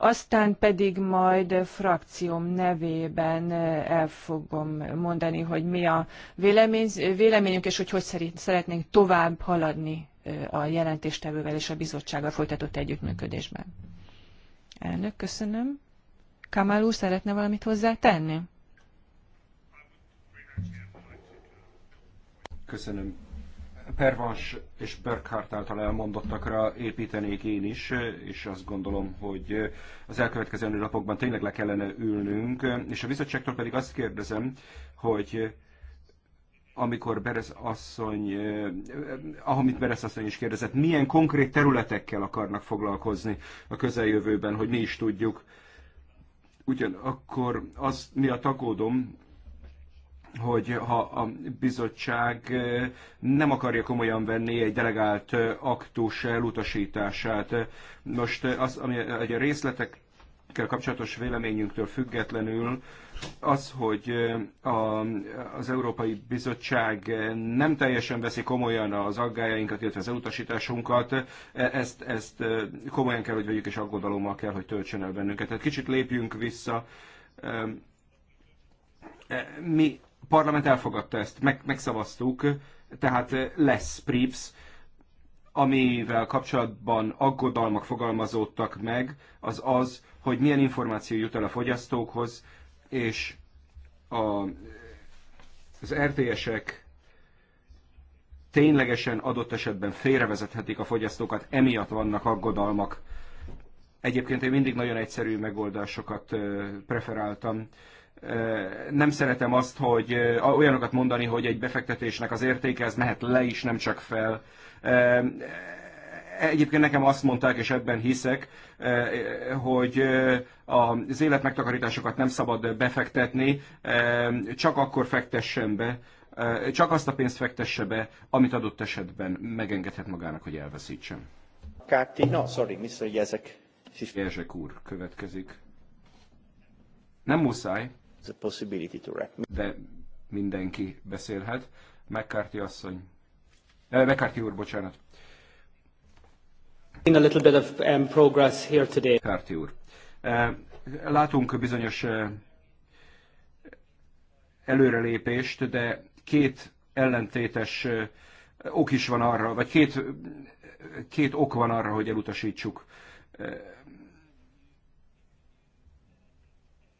aztán pedig majd frakcióm nevében el fogom mondani, hogy mi a vélemény, véleményünk, és hogy hogy szeretnénk tovább haladni a jelentéstevővel és a bizottsággal folytatott együttműködésben. Elnök, köszönöm. Kamál úr szeretne valamit tenni?
Köszönöm. Pervans és Burkhardt által elmondottakra építenék én is, és azt gondolom, hogy az elkövetkező napokban tényleg le kellene ülnünk, és a bizottságtól pedig azt kérdezem, hogy amikor Berez asszony, amit beresz asszony is kérdezett, milyen konkrét területekkel akarnak foglalkozni a közeljövőben, hogy mi is tudjuk. Ugyanakkor az miatt aggódom, hogy ha a bizottság nem akarja komolyan venni egy delegált aktus elutasítását. Most az, ami a részletekkel kapcsolatos véleményünktől függetlenül, az, hogy a, az Európai Bizottság nem teljesen veszi komolyan az aggájainkat, illetve az elutasításunkat, e, ezt, ezt komolyan kell, hogy vegyük, és aggodalommal kell, hogy töltsön el bennünket. Tehát kicsit lépjünk vissza. E, mi a parlament elfogadta ezt, meg, megszavaztuk, tehát lesz PRIPS, amivel kapcsolatban aggodalmak fogalmazódtak meg, az az, hogy milyen információ jut el a fogyasztókhoz, és a, az RTS-ek ténylegesen adott esetben félrevezethetik a fogyasztókat, emiatt vannak aggodalmak. Egyébként én mindig nagyon egyszerű megoldásokat preferáltam. Nem szeretem azt, hogy olyanokat mondani, hogy egy befektetésnek az értéke ez mehet le is, nem csak fel Egyébként nekem azt mondták, és ebben hiszek, eh, hogy eh, az életmegtakarításokat nem szabad befektetni, eh, csak akkor fektessen be, csak azt a pénzt fektesse be, amit adott esetben megengedhet magának, hogy elveszítsen. Kárti, no, sorry, Mr. Jezek. Jezek úr következik. Nem muszáj, the possibility to rap. de mindenki beszélhet. McCarthy asszony. Eh, McCarthy úr, bocsánat seen a little bit of um, progress here today. Kárti úr. Eh, látunk bizonyos eh, előrelépést, de két ellentétes eh, ok is van arra, vagy két, két ok van arra, hogy elutasítsuk.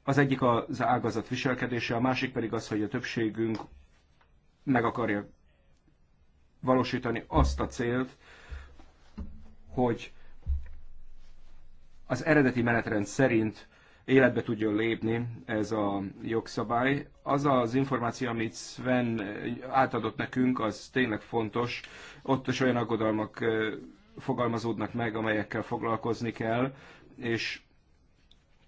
Az egyik az ágazat viselkedése, a másik pedig az, hogy a többségünk meg akarja valósítani azt a célt, hogy az eredeti menetrend szerint életbe tudjon lépni ez a jogszabály. Az az információ, amit Sven átadott nekünk, az tényleg fontos. Ott is olyan aggodalmak fogalmazódnak meg, amelyekkel foglalkozni kell, és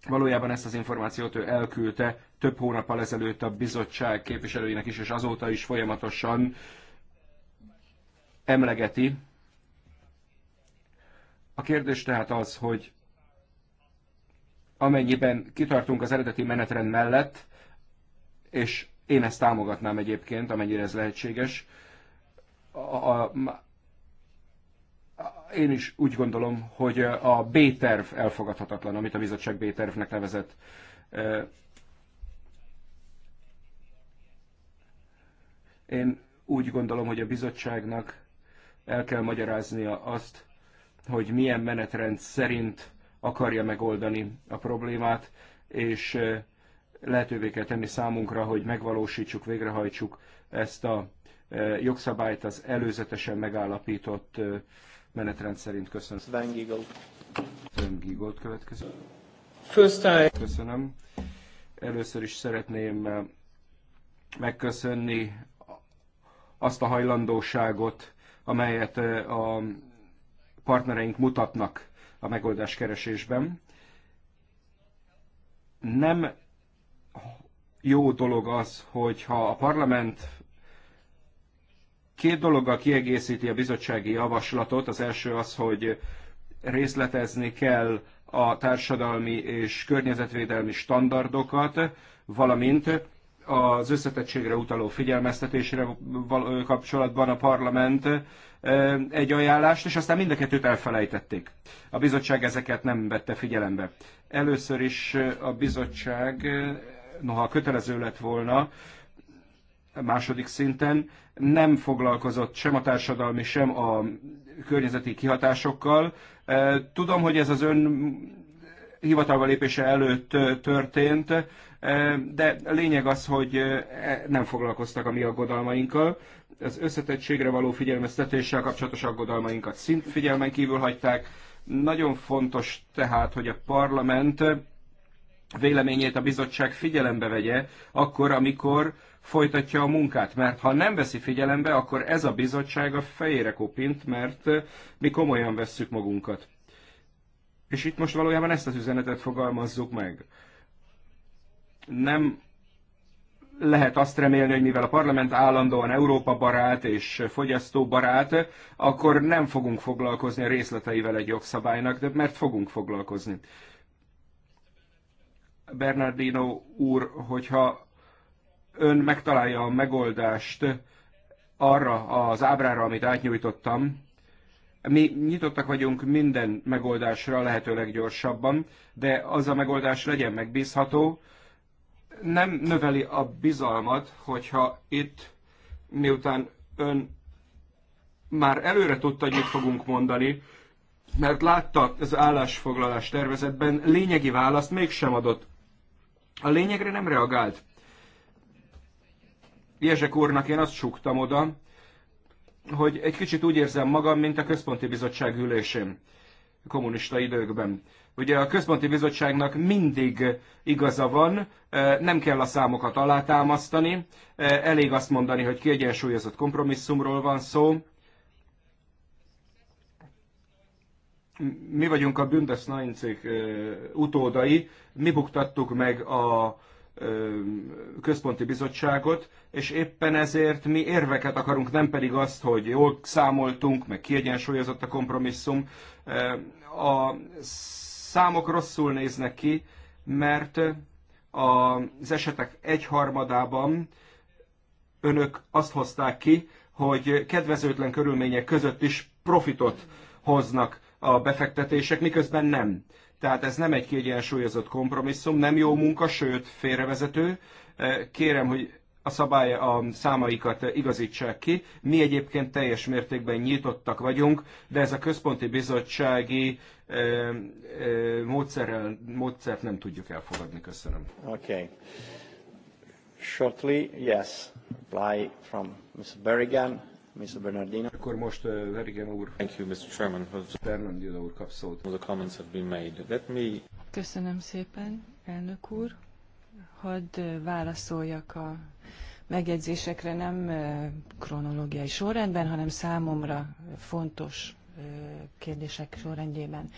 valójában ezt az információt ő elküldte több hónappal ezelőtt a bizottság képviselőinek is, és azóta is folyamatosan emlegeti a kérdés tehát az, hogy amennyiben kitartunk az eredeti menetrend mellett, és én ezt támogatnám egyébként, amennyire ez lehetséges, a, a, én is úgy gondolom, hogy a B-terv elfogadhatatlan, amit a bizottság B-tervnek nevezett. Én úgy gondolom, hogy a bizottságnak el kell magyaráznia azt, hogy milyen menetrend szerint akarja megoldani a problémát, és lehetővé kell tenni számunkra, hogy megvalósítsuk, végrehajtsuk ezt a jogszabályt az előzetesen megállapított menetrend szerint. Köszönöm. Sven Giegold. Sven Giegold következik. First time. Köszönöm. Először is szeretném megköszönni azt a hajlandóságot, amelyet a partnereink mutatnak a megoldás keresésben. Nem jó dolog az, hogyha a parlament két dologgal kiegészíti a bizottsági javaslatot. Az első az, hogy részletezni kell a társadalmi és környezetvédelmi standardokat, valamint az összetettségre utaló figyelmeztetésre kapcsolatban a parlament egy ajánlást, és aztán mind a kettőt elfelejtették. A bizottság ezeket nem vette figyelembe. Először is a bizottság, noha kötelező lett volna, második szinten nem foglalkozott sem a társadalmi, sem a környezeti kihatásokkal. Tudom, hogy ez az ön hivatalba lépése előtt történt, de lényeg az, hogy e, nem foglalkoztak a mi aggodalmainkkal. Az összetettségre való figyelmeztetéssel kapcsolatos aggodalmainkat szint figyelmen kívül hagyták. Nagyon fontos tehát, hogy a parlament véleményét a bizottság figyelembe vegye, akkor, amikor folytatja a munkát. Mert ha nem veszi figyelembe, akkor ez a bizottság a fejére kopint, mert mi komolyan vesszük magunkat. És itt most valójában ezt az üzenetet fogalmazzuk meg. Nem lehet azt remélni, hogy mivel a parlament állandóan Európa barát és fogyasztó barát, akkor nem fogunk foglalkozni a részleteivel egy jogszabálynak, de mert fogunk foglalkozni. Bernardino úr, hogyha ön megtalálja a megoldást arra az ábrára, amit átnyújtottam, mi nyitottak vagyunk minden megoldásra lehetőleg gyorsabban, de az a megoldás legyen megbízható, nem növeli a bizalmat, hogyha itt miután ön már előre tudta, hogy mit fogunk mondani, mert látta az állásfoglalás tervezetben, lényegi választ mégsem adott. A lényegre nem reagált. Jezsek úrnak én azt súgtam oda, hogy egy kicsit úgy érzem magam, mint a központi bizottság ülésén kommunista időkben. Ugye a központi bizottságnak mindig igaza van, e, nem kell a számokat alátámasztani, e, elég azt mondani, hogy kiegyensúlyozott kompromisszumról van szó. Mi vagyunk a Bundesnaincék e, utódai, mi buktattuk meg a központi bizottságot, és éppen ezért mi érveket akarunk, nem pedig azt, hogy jól számoltunk, meg kiegyensúlyozott a kompromisszum. A számok rosszul néznek ki, mert az esetek egyharmadában önök azt hozták ki, hogy kedvezőtlen körülmények között is profitot hoznak a befektetések, miközben nem. Tehát ez nem egy kiegyensúlyozott kompromisszum, nem jó munka, sőt félrevezető. Kérem, hogy a szabály a számaikat igazítsák ki. Mi egyébként teljes mértékben nyitottak vagyunk, de ez a központi bizottsági módszerrel, módszert nem tudjuk elfogadni. Köszönöm. Okay. Shortly, yes. Reply from Mr. Berrigan. Mr. Bernardino. Akkor most uh, Verigen úr. Thank you, Mr. Chairman. Bernardino úr kap szót. The comments have been made. Let me...
Köszönöm szépen, elnök úr. Hadd uh, válaszoljak a megjegyzésekre nem uh, kronológiai sorrendben, hanem számomra fontos uh, kérdések sorrendjében.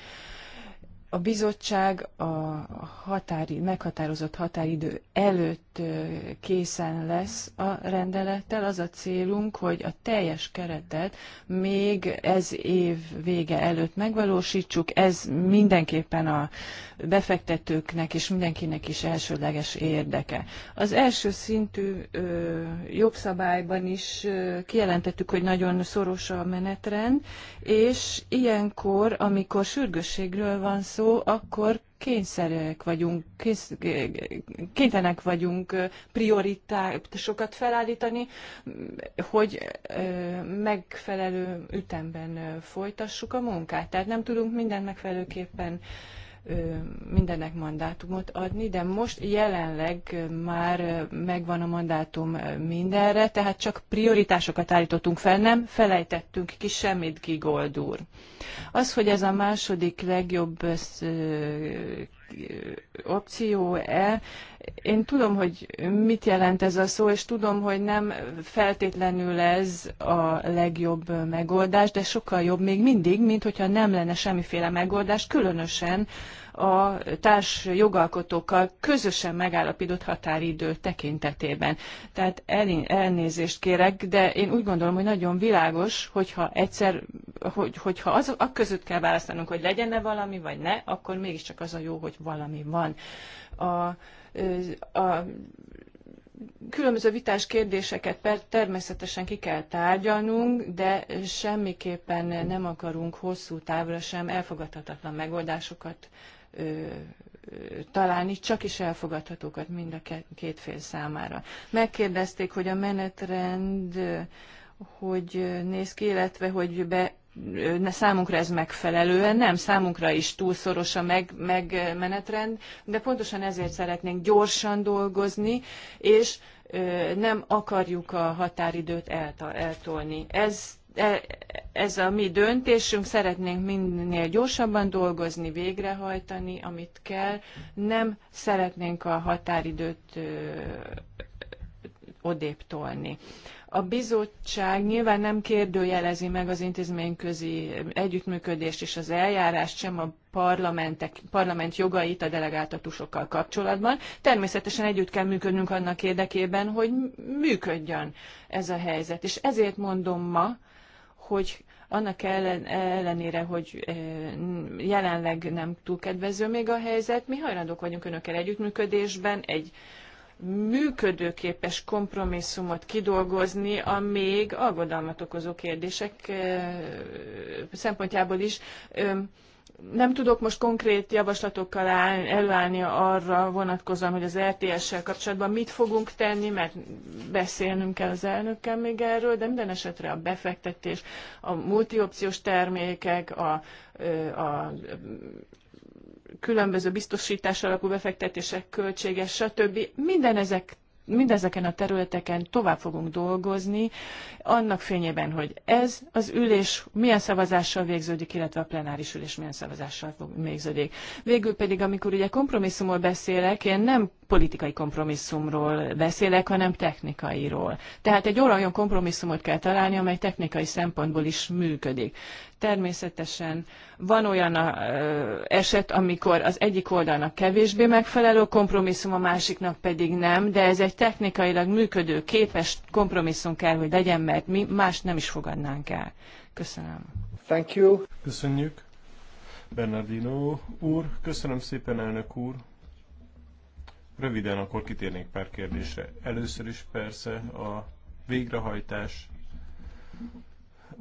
A bizottság a határi, meghatározott határidő előtt készen lesz a rendelettel. Az a célunk, hogy a teljes keretet még ez év vége előtt megvalósítsuk. Ez mindenképpen a befektetőknek és mindenkinek is elsődleges érdeke. Az első szintű jogszabályban is kijelentettük, hogy nagyon szoros a menetrend, és ilyenkor, amikor sürgősségről van szó, akkor kényszerek vagyunk, kénytelenek vagyunk prioritásokat felállítani, hogy megfelelő ütemben folytassuk a munkát. Tehát nem tudunk mindent megfelelőképpen mindennek mandátumot adni, de most jelenleg már megvan a mandátum mindenre, tehát csak prioritásokat állítottunk fel, nem felejtettünk ki semmit, Gigold úr. Az, hogy ez a második legjobb opció-e. Én tudom, hogy mit jelent ez a szó, és tudom, hogy nem feltétlenül ez a legjobb megoldás, de sokkal jobb még mindig, mint hogyha nem lenne semmiféle megoldás, különösen a társ jogalkotókkal közösen megállapított határidő tekintetében. Tehát elnézést kérek, de én úgy gondolom, hogy nagyon világos, hogyha egyszer, hogy, hogyha az, a között kell választanunk, hogy legyen-e valami, vagy ne, akkor mégiscsak az a jó, hogy valami van. A, a különböző vitás kérdéseket természetesen ki kell tárgyalnunk, de semmiképpen nem akarunk hosszú távra sem elfogadhatatlan megoldásokat találni, csak is elfogadhatókat mind a két fél számára. Megkérdezték, hogy a menetrend hogy néz ki, illetve hogy be, számunkra ez megfelelően, nem, számunkra is túlszoros a meg, meg menetrend, de pontosan ezért szeretnénk gyorsan dolgozni, és nem akarjuk a határidőt eltolni. Ez E, ez a mi döntésünk, szeretnénk minél gyorsabban dolgozni, végrehajtani, amit kell. Nem szeretnénk a határidőt odébb tolni. A bizottság nyilván nem kérdőjelezi meg az intézményközi együttműködést és az eljárást, sem a parlamentek, parlament jogait a delegáltatusokkal kapcsolatban. Természetesen együtt kell működnünk annak érdekében, hogy működjön ez a helyzet. És ezért mondom ma, hogy annak ellen, ellenére, hogy eh, jelenleg nem túl kedvező még a helyzet, mi hajlandók vagyunk önökkel együttműködésben egy működőképes kompromisszumot kidolgozni a még aggodalmat okozó kérdések eh, szempontjából is nem tudok most konkrét javaslatokkal áll, előállni arra vonatkozóan, hogy az RTS-sel kapcsolatban mit fogunk tenni, mert beszélnünk kell az elnökkel még erről, de minden esetre a befektetés, a multiopciós termékek, a, a különböző biztosítás alapú befektetések költséges, stb. Minden ezek mindezeken a területeken tovább fogunk dolgozni, annak fényében, hogy ez az ülés milyen szavazással végződik, illetve a plenáris ülés milyen szavazással végződik. Végül pedig, amikor ugye kompromisszumról beszélek, én nem politikai kompromisszumról beszélek, hanem technikairól. Tehát egy olyan kompromisszumot kell találni, amely technikai szempontból is működik. Természetesen van olyan eset, amikor az egyik oldalnak kevésbé megfelelő kompromisszum, a másiknak pedig nem, de ez egy technikailag működő, képes kompromisszum kell, hogy legyen, mert mi más nem is fogadnánk el. Köszönöm.
Thank you. Köszönjük. Bernardino úr, köszönöm szépen elnök úr. Röviden akkor kitérnék pár kérdésre. Először is persze a végrehajtás,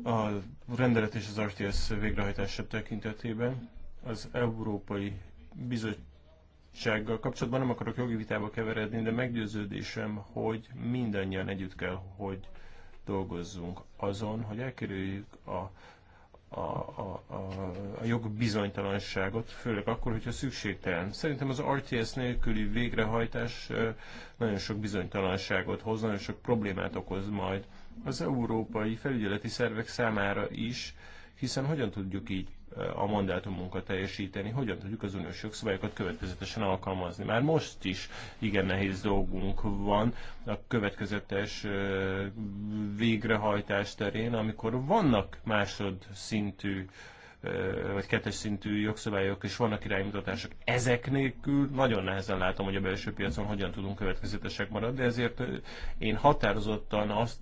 a rendelet és az RTS végrehajtása tekintetében az Európai Bizottsággal kapcsolatban nem akarok jogi vitába keveredni, de meggyőződésem, hogy mindannyian együtt kell, hogy dolgozzunk azon, hogy elkerüljük a a, a, a, a jogbizonytalanságot, főleg akkor, hogyha szükségtelen. Szerintem az RTS nélküli végrehajtás nagyon sok bizonytalanságot hoz, nagyon sok problémát okoz majd az európai felügyeleti szervek számára is, hiszen hogyan tudjuk így a mandátumunkat teljesíteni, hogyan tudjuk az uniós jogszabályokat következetesen alkalmazni. Már most is igen nehéz dolgunk van a következetes végrehajtás terén, amikor vannak másod szintű vagy kettes szintű jogszabályok és vannak iránymutatások. Ezek nélkül nagyon nehezen látom, hogy a belső piacon hogyan tudunk következetesek maradni, ezért én határozottan azt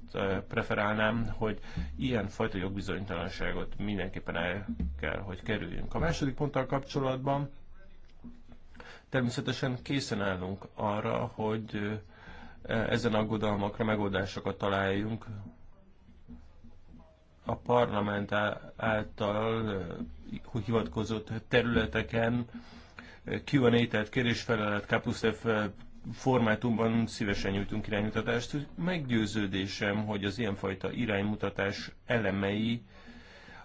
preferálnám, hogy ilyen fajta jogbizonytalanságot mindenképpen el kell, hogy kerüljünk. A második ponttal kapcsolatban természetesen készen állunk arra, hogy ezen aggodalmakra megoldásokat találjunk, a parlament által eh, hivatkozott területeken eh, Q&A-t, kérésfelelet, Kapusztev eh, formátumban szívesen nyújtunk iránymutatást. Meggyőződésem, hogy az ilyenfajta iránymutatás elemei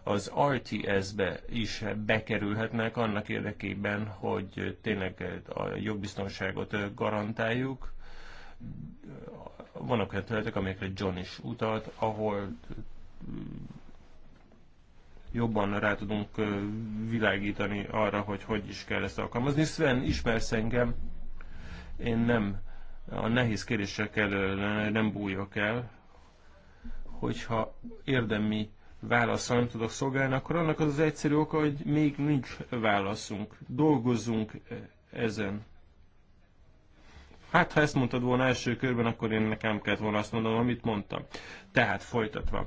az RTS-be is bekerülhetnek annak érdekében, hogy tényleg a jogbiztonságot garantáljuk. Vannak olyan területek, amelyekre John is utalt, ahol jobban rá tudunk világítani arra, hogy hogy is kell ezt alkalmazni. Sven, ismersz engem? Én nem a nehéz kérdések elől nem bújok el, hogyha érdemi válaszra nem tudok szolgálni, akkor annak az az egyszerű oka, hogy még nincs válaszunk. Dolgozzunk ezen. Hát, ha ezt mondtad volna első körben, akkor én nekem kellett volna azt mondanom, amit mondtam. Tehát folytatva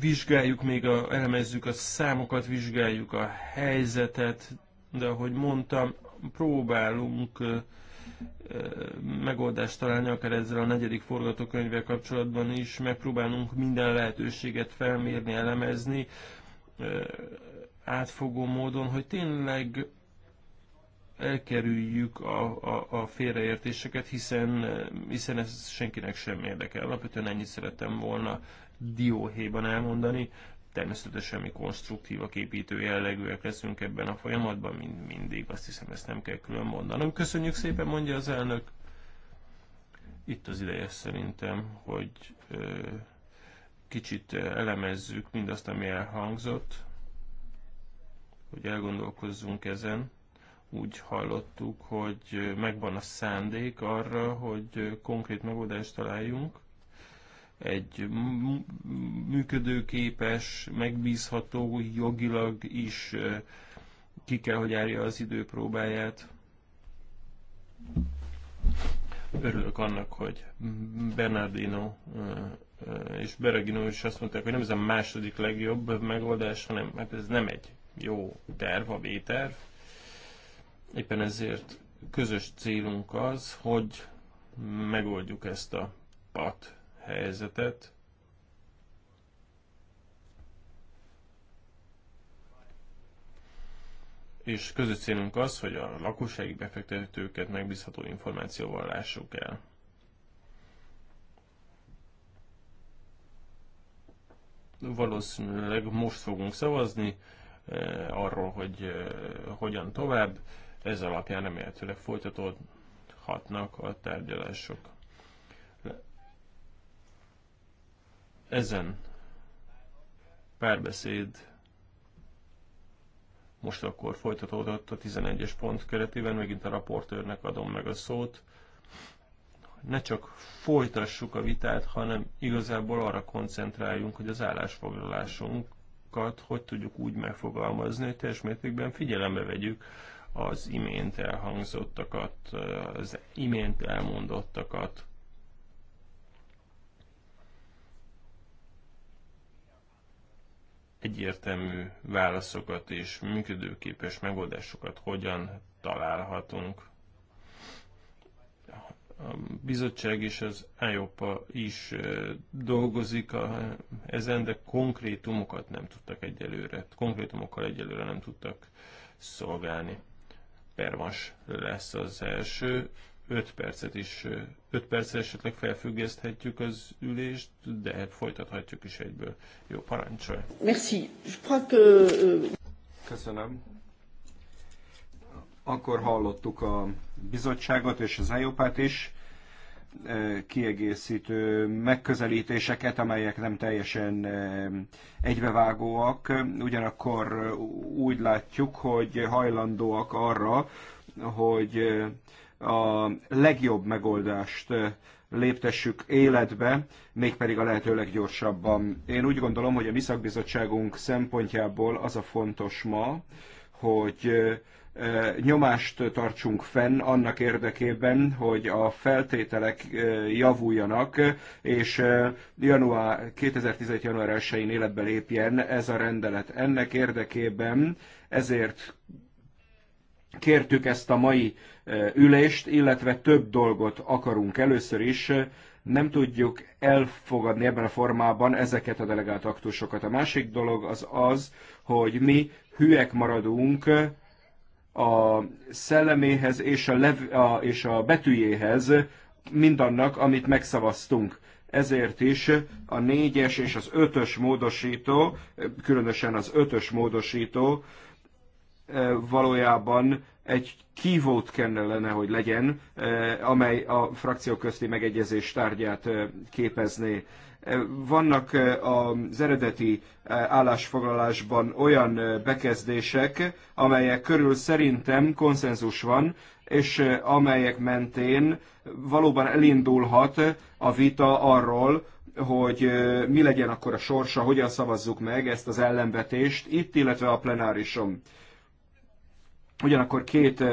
vizsgáljuk még, a, elemezzük a számokat, vizsgáljuk a helyzetet, de ahogy mondtam, próbálunk megoldást találni, akár ezzel a negyedik forgatókönyvvel kapcsolatban is, megpróbálunk minden lehetőséget felmérni, elemezni, átfogó módon, hogy tényleg elkerüljük a, a, a félreértéseket, hiszen, hiszen ez senkinek sem érdekel. Alapvetően ennyit szerettem volna dióhéjban elmondani. Természetesen mi konstruktívak, építő jellegűek leszünk ebben a folyamatban, mind, mindig. Azt hiszem, ezt nem kell külön mondanom. Köszönjük szépen, mondja az elnök. Itt az ideje szerintem, hogy ö, kicsit elemezzük mindazt, ami elhangzott, hogy elgondolkozzunk ezen úgy hallottuk, hogy megvan a szándék arra, hogy konkrét megoldást találjunk, egy működőképes, megbízható, jogilag is eh, ki kell, hogy járja az idő próbáját. Örülök annak, hogy Bernardino eh, eh, és Beregino is azt mondták, hogy nem ez a második legjobb megoldás, hanem hát ez nem egy jó terv, a B-terv, Éppen ezért közös célunk az, hogy megoldjuk ezt a pat helyzetet, és közös célunk az, hogy a lakossági befektetőket megbízható információval lássuk el. Valószínűleg most fogunk szavazni eh, arról, hogy eh, hogyan tovább. Ez alapján remélhetőleg folytatódhatnak a tárgyalások. Ezen párbeszéd most akkor folytatódott a 11-es pont keretében, megint a raportőrnek adom meg a szót. Ne csak folytassuk a vitát, hanem igazából arra koncentráljunk, hogy az állásfoglalásunkat hogy tudjuk úgy megfogalmazni, hogy teljes mértékben figyelembe vegyük az imént elhangzottakat, az imént elmondottakat. Egyértelmű válaszokat és működőképes megoldásokat hogyan találhatunk. A bizottság és az IOPA is dolgozik a, ezen, de konkrétumokat nem tudtak egyelőre, konkrétumokkal egyelőre nem tudtak szolgálni. Permas lesz az első. 5 percet is, 5 percet esetleg felfüggeszthetjük az ülést, de folytathatjuk is egyből.
Jó, parancsolj!
Merci. Euh,
Köszönöm. Akkor hallottuk a bizottságot és az IOPát is kiegészítő megközelítéseket, amelyek nem teljesen egybevágóak. Ugyanakkor úgy látjuk, hogy hajlandóak arra, hogy a legjobb megoldást léptessük életbe, mégpedig a lehető leggyorsabban. Én úgy gondolom, hogy a mi szakbizottságunk szempontjából az a fontos ma, hogy nyomást tartsunk fenn annak érdekében, hogy a feltételek javuljanak, és január, 2017. január 1-én életbe lépjen ez a rendelet. Ennek érdekében ezért kértük ezt a mai ülést, illetve több dolgot akarunk először is, nem tudjuk elfogadni ebben a formában ezeket a delegált aktusokat. A másik dolog az az, hogy mi hülyek maradunk a szelleméhez és a, lev, a, és a betűjéhez mindannak, amit megszavaztunk. Ezért is a négyes és az ötös módosító, különösen az ötös módosító e, valójában egy kívót kellene, hogy legyen, e, amely a frakciók közti megegyezés tárgyát e, képezné. Vannak az eredeti állásfoglalásban olyan bekezdések, amelyek körül szerintem konszenzus van, és amelyek mentén valóban elindulhat a vita arról, hogy mi legyen akkor a sorsa, hogyan szavazzuk meg ezt az ellenvetést itt, illetve a plenárison. Ugyanakkor két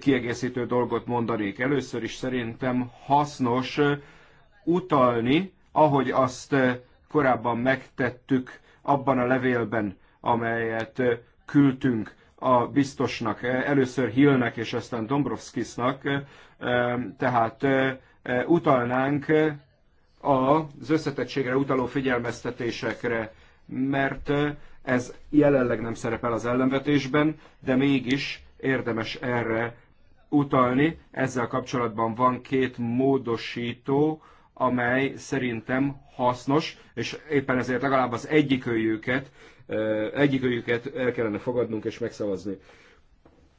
kiegészítő dolgot mondanék. Először is szerintem hasznos utalni ahogy azt korábban megtettük abban a levélben, amelyet küldtünk a biztosnak, először Hillnek és aztán Dombrovskisnak, tehát utalnánk az összetettségre utaló figyelmeztetésekre, mert ez jelenleg nem szerepel az ellenvetésben, de mégis érdemes erre utalni. Ezzel kapcsolatban van két módosító, amely szerintem hasznos, és éppen ezért legalább az egyikőjüket, egyikőjüket el kellene fogadnunk és megszavazni.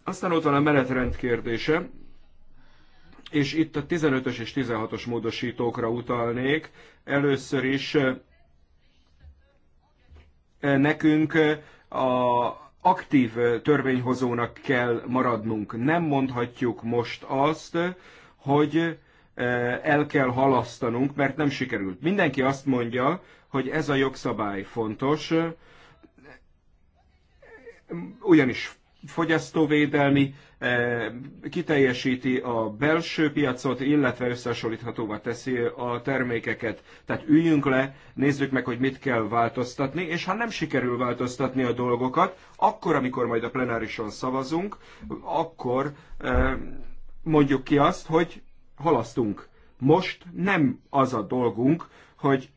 Aztán ott van a menetrend kérdése, és itt a 15-ös és 16-os módosítókra utalnék. Először is nekünk a aktív törvényhozónak kell maradnunk. Nem mondhatjuk most azt, hogy el kell halasztanunk, mert nem sikerült. Mindenki azt mondja, hogy ez a jogszabály fontos, ugyanis fogyasztóvédelmi, kiteljesíti a belső piacot, illetve összehasonlíthatóvá teszi a termékeket. Tehát üljünk le, nézzük meg, hogy mit kell változtatni, és ha nem sikerül változtatni a dolgokat, akkor, amikor majd a plenárison szavazunk, akkor mondjuk ki azt, hogy halasztunk. Most nem az a dolgunk, hogy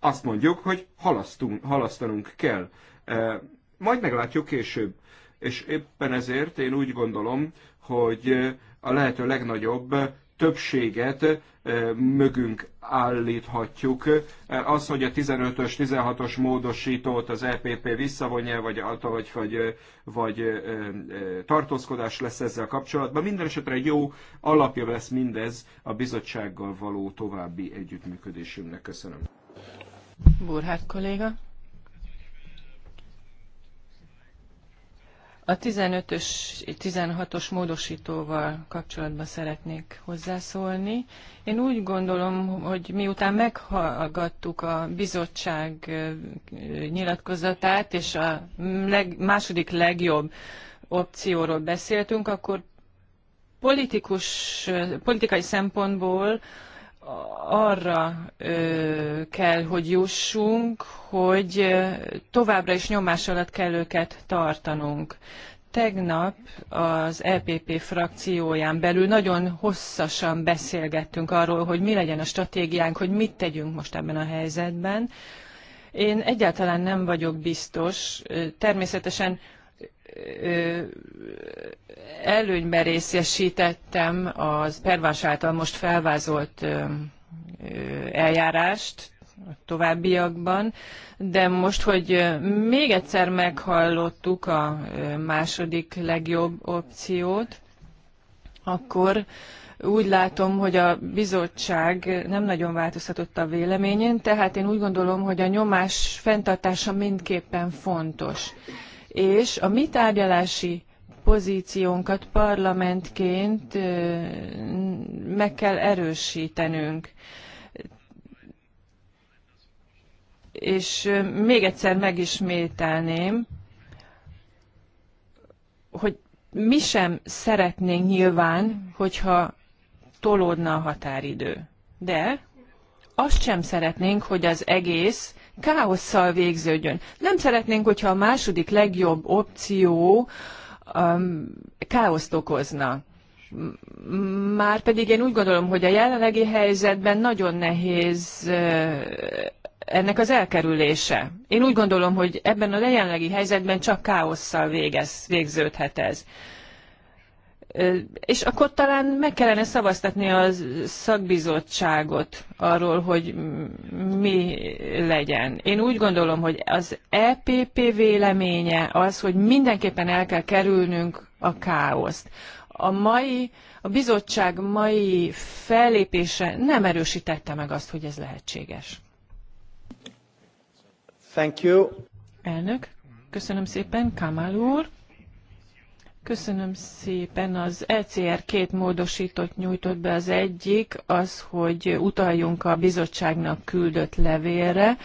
azt mondjuk, hogy halasztunk, halasztanunk kell. E, majd meglátjuk később. És éppen ezért én úgy gondolom, hogy a lehető legnagyobb többséget mögünk állíthatjuk. Az, hogy a 15-ös, 16-os módosítót az EPP visszavonja, vagy, vagy, vagy, vagy tartózkodás lesz ezzel kapcsolatban, minden esetre egy jó alapja lesz mindez a bizottsággal való további együttműködésünknek. Köszönöm.
Burhát kolléga. A 15-ös, 16-os módosítóval kapcsolatban szeretnék hozzászólni. Én úgy gondolom, hogy miután meghallgattuk a bizottság nyilatkozatát, és a leg, második legjobb opcióról beszéltünk, akkor politikus, politikai szempontból arra ö, kell, hogy jussunk, hogy továbbra is nyomás alatt kell őket tartanunk. Tegnap az EPP frakcióján belül nagyon hosszasan beszélgettünk arról, hogy mi legyen a stratégiánk, hogy mit tegyünk most ebben a helyzetben. Én egyáltalán nem vagyok biztos. Természetesen előnyben részesítettem az pervás által most felvázolt eljárást a továbbiakban, de most, hogy még egyszer meghallottuk a második legjobb opciót, akkor úgy látom, hogy a bizottság nem nagyon változtatott a véleményén, tehát én úgy gondolom, hogy a nyomás fenntartása mindképpen fontos és a mi tárgyalási pozíciónkat parlamentként meg kell erősítenünk. És még egyszer megismételném, hogy mi sem szeretnénk nyilván, hogyha tolódna a határidő. De azt sem szeretnénk, hogy az egész káosszal végződjön. Nem szeretnénk, hogyha a második legjobb opció um, káoszt okozna. Már pedig én úgy gondolom, hogy a jelenlegi helyzetben nagyon nehéz ennek az elkerülése. Én úgy gondolom, hogy ebben a jelenlegi helyzetben csak káosszal végez, végződhet ez és akkor talán meg kellene szavaztatni a szakbizottságot arról, hogy mi legyen. Én úgy gondolom, hogy az EPP véleménye az, hogy mindenképpen el kell kerülnünk a káoszt. A mai, a bizottság mai fellépése nem erősítette meg azt, hogy ez lehetséges. Thank you. Elnök, köszönöm szépen, Kamal úr. Köszönöm szépen. Az ECR két módosított nyújtott be. Az egyik az, hogy utaljunk a bizottságnak küldött levélre.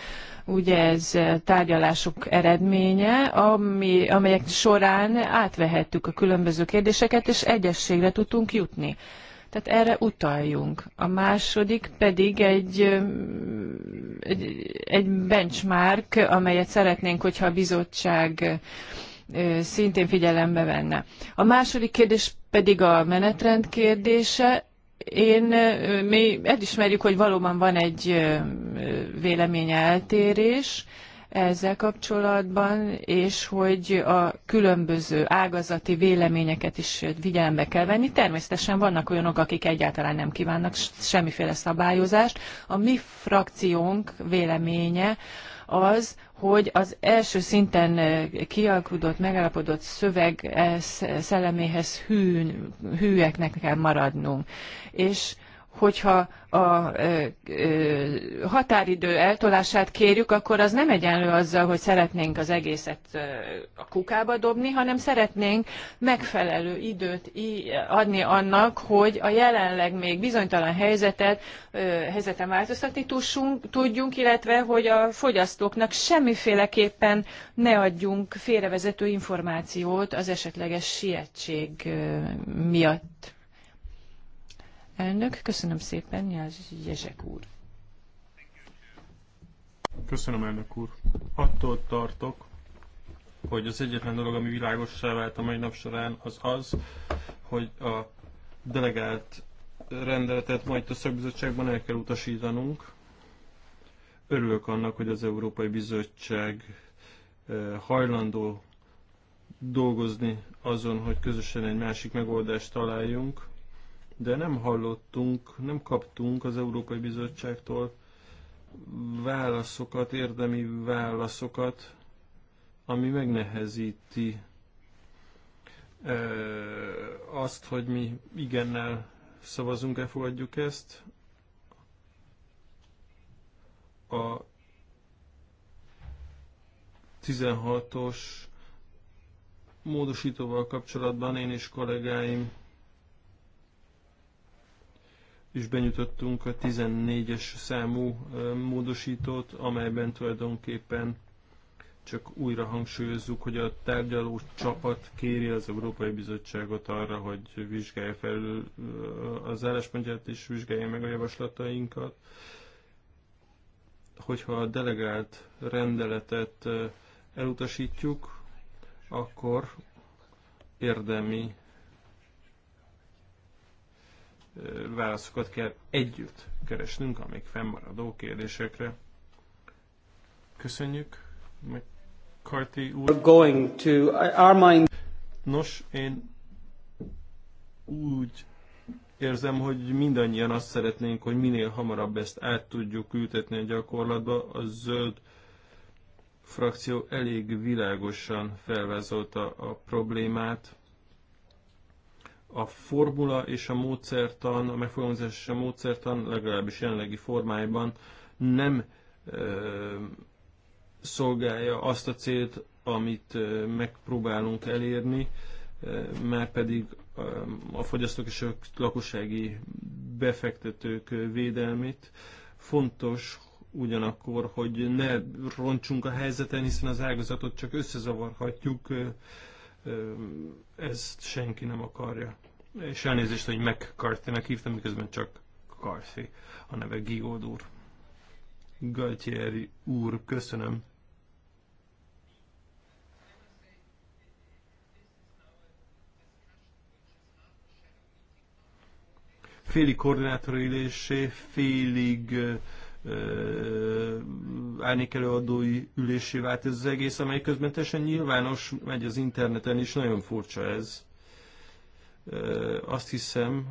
Ugye ez tárgyalások eredménye, ami, amelyek során átvehettük a különböző kérdéseket, és egyességre tudtunk jutni. Tehát erre utaljunk. A második pedig egy, egy, egy benchmark, amelyet szeretnénk, hogyha a bizottság szintén figyelembe venne. A második kérdés pedig a menetrend kérdése. Én, mi elismerjük, hogy valóban van egy véleményeltérés ezzel kapcsolatban, és hogy a különböző ágazati véleményeket is figyelembe kell venni. Természetesen vannak olyanok, akik egyáltalán nem kívánnak semmiféle szabályozást. A mi frakciónk véleménye az, hogy az első szinten eh, kialkudott, megállapodott szöveg eh, szelleméhez hűn, hűeknek kell maradnunk. És hogyha a e, e, határidő eltolását kérjük, akkor az nem egyenlő azzal, hogy szeretnénk az egészet e, a kukába dobni, hanem szeretnénk megfelelő időt adni annak, hogy a jelenleg még bizonytalan helyzetet, helyzeten változtatni tussunk, tudjunk, illetve hogy a fogyasztóknak semmiféleképpen ne adjunk félrevezető információt az esetleges sietség miatt. Elnök, köszönöm szépen, Jezsek úr.
Köszönöm, elnök úr. Attól tartok, hogy az egyetlen dolog, ami világossá vált a mai nap során, az az, hogy a delegált rendeletet majd a szakbizottságban el kell utasítanunk. Örülök annak, hogy az Európai Bizottság eh, hajlandó dolgozni azon, hogy közösen egy másik megoldást találjunk de nem hallottunk, nem kaptunk az Európai Bizottságtól válaszokat, érdemi válaszokat, ami megnehezíti e, azt, hogy mi igennel szavazunk, elfogadjuk ezt. A 16-os módosítóval kapcsolatban én és kollégáim is benyújtottunk a 14-es számú módosítót, amelyben tulajdonképpen csak újra hangsúlyozzuk, hogy a tárgyaló csapat kéri az Európai Bizottságot arra, hogy vizsgálja fel az álláspontját és vizsgálja meg a javaslatainkat. Hogyha a delegált rendeletet elutasítjuk, akkor érdemi válaszokat kell együtt keresnünk a még fennmaradó kérdésekre. Köszönjük, McCarthy úr. Going to our mind. Nos, én úgy érzem, hogy mindannyian azt szeretnénk, hogy minél hamarabb ezt át tudjuk ültetni a gyakorlatba. A zöld frakció elég világosan felvázolta a problémát a formula és a módszertan, a megfogalmazás és a módszertan legalábbis jelenlegi formájában nem ö, szolgálja azt a célt, amit ö, megpróbálunk elérni, ö, mert pedig ö, a fogyasztók és a lakossági befektetők védelmét. Fontos, ugyanakkor, hogy ne roncsunk a helyzeten, hiszen az ágazatot csak összezavarhatjuk ezt senki nem akarja. És elnézést, hogy McCarthy-nek hívtam, miközben csak Carthy, a neve Gigold úr. Galtieri úr, köszönöm. félig koordinátor ülésé, félig árnyékelőadói ülésé vált ez az egész, amely közben teljesen nyilvános, megy az interneten is, nagyon furcsa ez. Azt hiszem,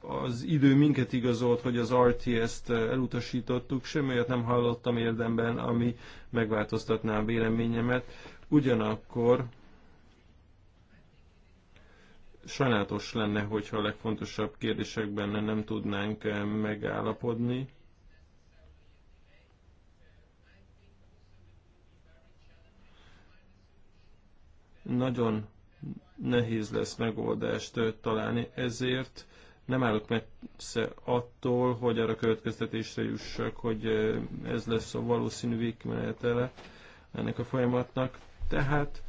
az idő minket igazolt, hogy az RTS-t elutasítottuk, semmi olyat nem hallottam érdemben, ami megváltoztatná a véleményemet. Ugyanakkor Sajnálatos lenne, hogyha a legfontosabb kérdésekben nem tudnánk eh, megállapodni. Nagyon nehéz lesz megoldást eh, találni, ezért nem állok messze attól, hogy arra következtetésre jussak, hogy eh, ez lesz a valószínű végkimenetele ennek a folyamatnak. Tehát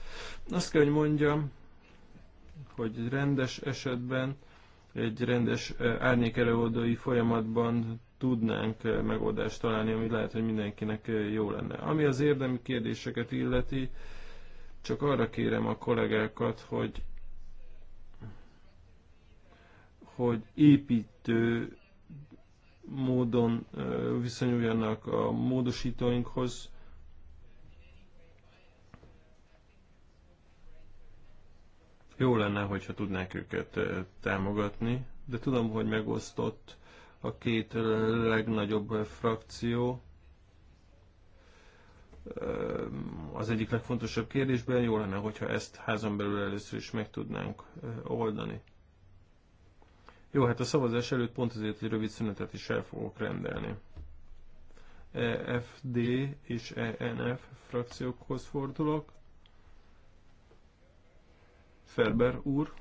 azt kell, hogy mondjam, hogy rendes esetben, egy rendes eh, árnyékelőoldói folyamatban tudnánk eh, megoldást találni, ami lehet, hogy mindenkinek eh, jó lenne. Ami az érdemi kérdéseket illeti, csak arra kérem a kollégákat, hogy hogy építő módon viszonyuljanak a módosítóinkhoz, Jó lenne, hogyha tudnánk őket támogatni, de tudom, hogy megosztott a két legnagyobb frakció. Az egyik legfontosabb kérdésben jó lenne, hogyha ezt házon belül először is meg tudnánk oldani. Jó, hát a szavazás előtt pont azért egy rövid szünetet is el fogok rendelni. EFD és ENF frakciókhoz fordulok.
Ferber úr.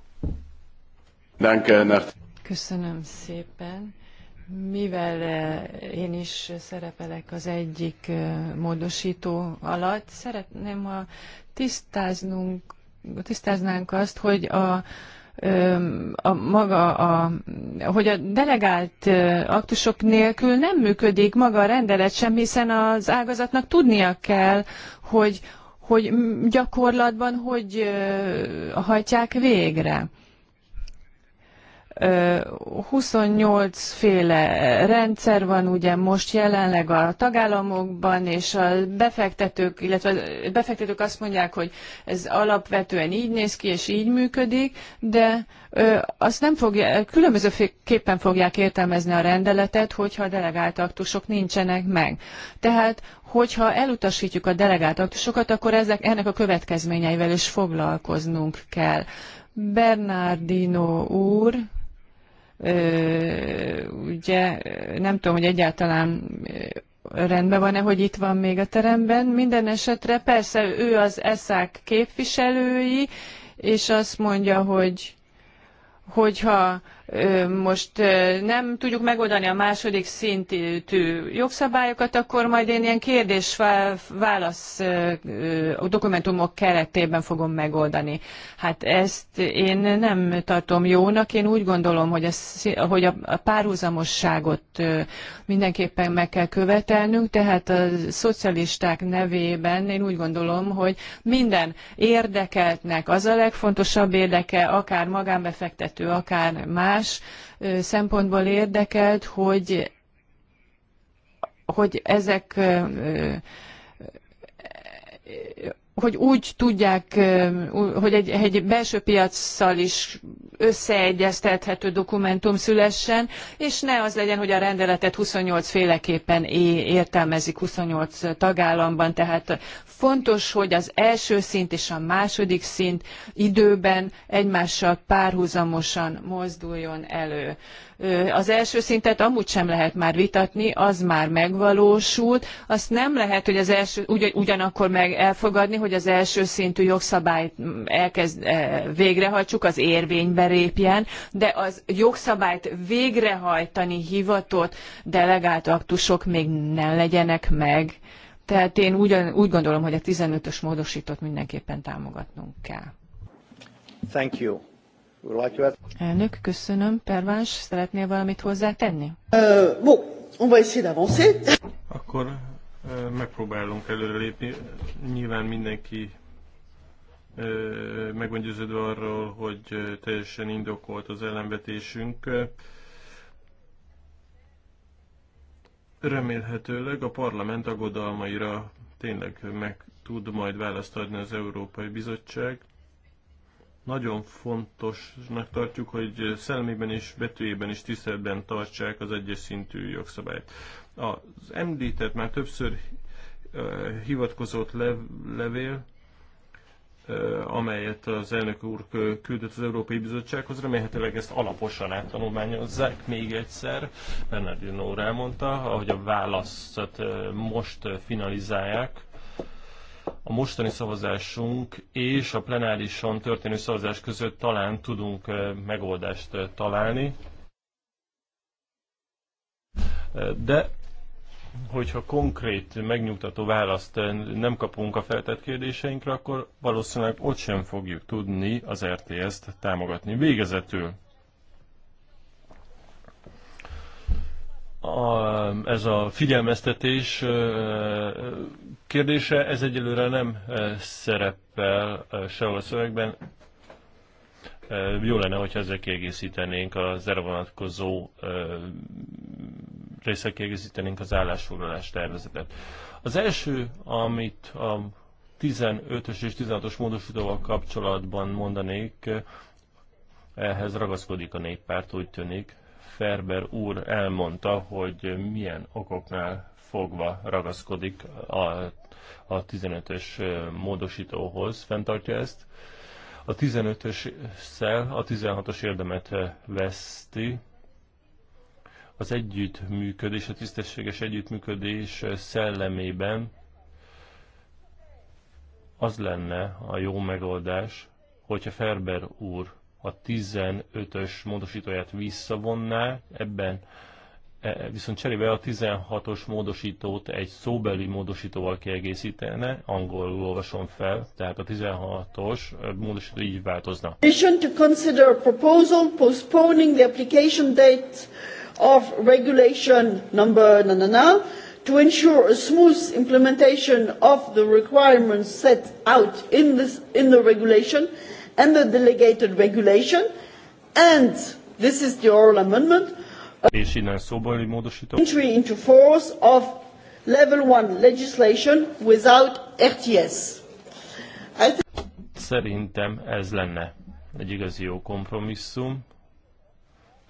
Köszönöm
szépen. Mivel eh, én is szerepelek az egyik eh, módosító alatt, szeretném, ha tisztáznunk, tisztáznánk azt, hogy a, a maga a, hogy a delegált eh, aktusok nélkül nem működik maga a rendelet sem, hiszen az ágazatnak tudnia kell, hogy hogy gyakorlatban hogy hajtják végre. 28 féle rendszer van ugye most jelenleg a tagállamokban, és a befektetők, illetve a befektetők azt mondják, hogy ez alapvetően így néz ki, és így működik, de azt nem fogják, különbözőképpen fogják értelmezni a rendeletet, hogyha a delegált aktusok nincsenek meg. Tehát, hogyha elutasítjuk a delegált aktusokat, akkor ezek, ennek a következményeivel is foglalkoznunk kell. Bernardino úr, ugye nem tudom, hogy egyáltalán rendben van-e, hogy itt van még a teremben. Minden esetre persze ő az eszák képviselői, és azt mondja, hogy hogyha most nem tudjuk megoldani a második szintű jogszabályokat, akkor majd én ilyen kérdés-válasz dokumentumok keretében fogom megoldani. Hát ezt én nem tartom jónak, én úgy gondolom, hogy, a, hogy a párhuzamosságot mindenképpen meg kell követelnünk, tehát a szocialisták nevében én úgy gondolom, hogy minden érdekeltnek az a legfontosabb érdeke, akár magánbefektető, akár más, más szempontból érdekelt, hogy, hogy ezek hogy úgy tudják, hogy egy, egy belső piacsal is összeegyeztethető dokumentum szülessen, és ne az legyen, hogy a rendeletet 28 féleképpen értelmezik 28 tagállamban. Tehát fontos, hogy az első szint és a második szint időben egymással párhuzamosan mozduljon elő az első szintet amúgy sem lehet már vitatni, az már megvalósult. Azt nem lehet, hogy az első, ugyanakkor meg elfogadni, hogy az első szintű jogszabályt mm, elkezd, e, végrehajtsuk, az érvénybe lépjen, de az jogszabályt végrehajtani hivatott delegált aktusok még ne legyenek meg. Tehát én ugyan, úgy gondolom, hogy a 15-ös mindenképpen támogatnunk kell. Thank you. Elnök, köszönöm. Pervás, szeretnél valamit hozzátenni? Uh, bon, on va
Akkor
uh, megpróbálunk előrelépni. Nyilván mindenki meg arról, hogy teljesen indokolt az ellenvetésünk. Remélhetőleg a parlament aggodalmaira tényleg meg tud majd választ adni az Európai Bizottság. Nagyon fontosnak tartjuk, hogy szellemében és betűjében is tiszteletben tartsák az egyes szintű jogszabályt. Az említett már többször hivatkozott lev, levél, amelyet az elnök úr küldött az Európai Bizottsághoz. Remélhetőleg ezt alaposan áttanulmányozzák még egyszer. Bernardino úr elmondta, ahogy a választat most finalizálják, a mostani szavazásunk és a plenárison történő szavazás között talán tudunk eh, megoldást eh, találni. Eh, de hogyha konkrét, megnyugtató választ nem kapunk a feltett kérdéseinkre, akkor valószínűleg ott sem fogjuk tudni az RTS-t támogatni. Végezetül a, ez a figyelmeztetés kérdése, ez egyelőre nem szerepel sehol a szövegben. Jó lenne, hogyha ezzel kiegészítenénk az erre vonatkozó részre kiegészítenénk az állásfoglalás tervezetet. Az első, amit a 15-ös és 16-os módosítóval kapcsolatban mondanék, ehhez ragaszkodik a néppárt, úgy tűnik, Ferber úr elmondta, hogy milyen okoknál fogva ragaszkodik a, a 15-ös módosítóhoz, fenntartja ezt. A 15-ös szel a 16-os érdemet veszti, az együttműködés, a tisztességes együttműködés szellemében az lenne a jó megoldás, hogyha Ferber úr a 15-ös módosítóját visszavonná, ebben e, viszont cserébe a 16-os módosítót egy szóbeli módosítóval kiegészítene, angolul olvasom fel, tehát a 16-os módosító így változna.
to consider a proposal postponing the application date
of regulation number na, na, na, to ensure a smooth implementation of the requirements set out in, this, in the regulation
and the delegated regulation, and this is the oral amendment,
Entry
into force of level one legislation without RTS.
Szerintem ez lenne egy igazi jó kompromisszum,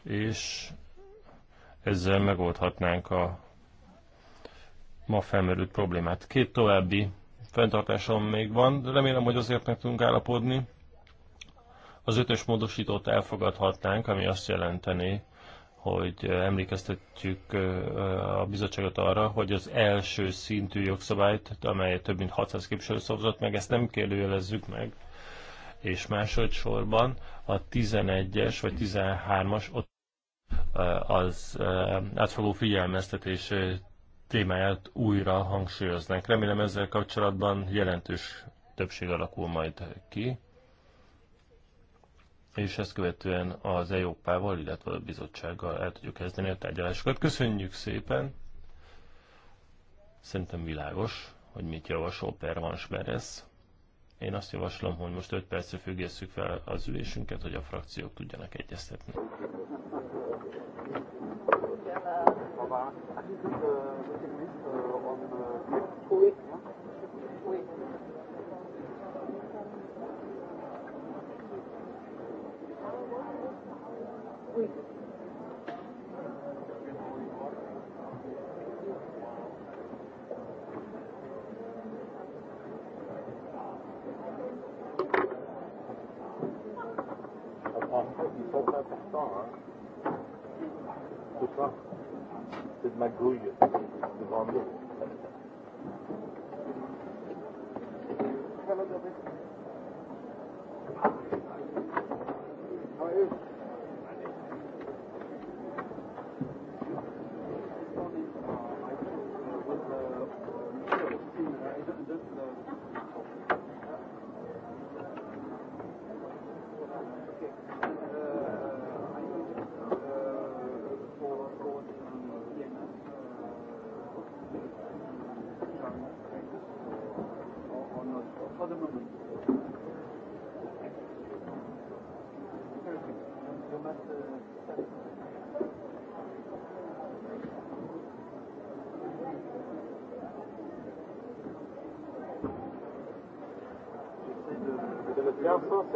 és ezzel megoldhatnánk a ma felmerült problémát. Két további fenntartásom még van, de remélem, hogy azért meg tudunk állapodni. Az ötös módosítót elfogadhatnánk, ami azt jelenteni, hogy emlékeztetjük a bizottságot arra, hogy az első szintű jogszabályt, amely több mint 600 képviselő szavazott meg, ezt nem kérdőjelezzük meg, és másodszorban a 11-es vagy 13-as ott az átfogó figyelmeztetés témáját újra hangsúlyoznak. Remélem ezzel kapcsolatban jelentős többség alakul majd ki és ezt követően az EOP-val, illetve a bizottsággal el tudjuk kezdeni a tárgyalásokat. Köszönjük szépen! Szerintem világos, hogy mit javasol Pervans Beres. Én azt javaslom, hogy most 5 percre függesszük fel az ülésünket, hogy a frakciók tudjanak egyeztetni.
Köszönöm.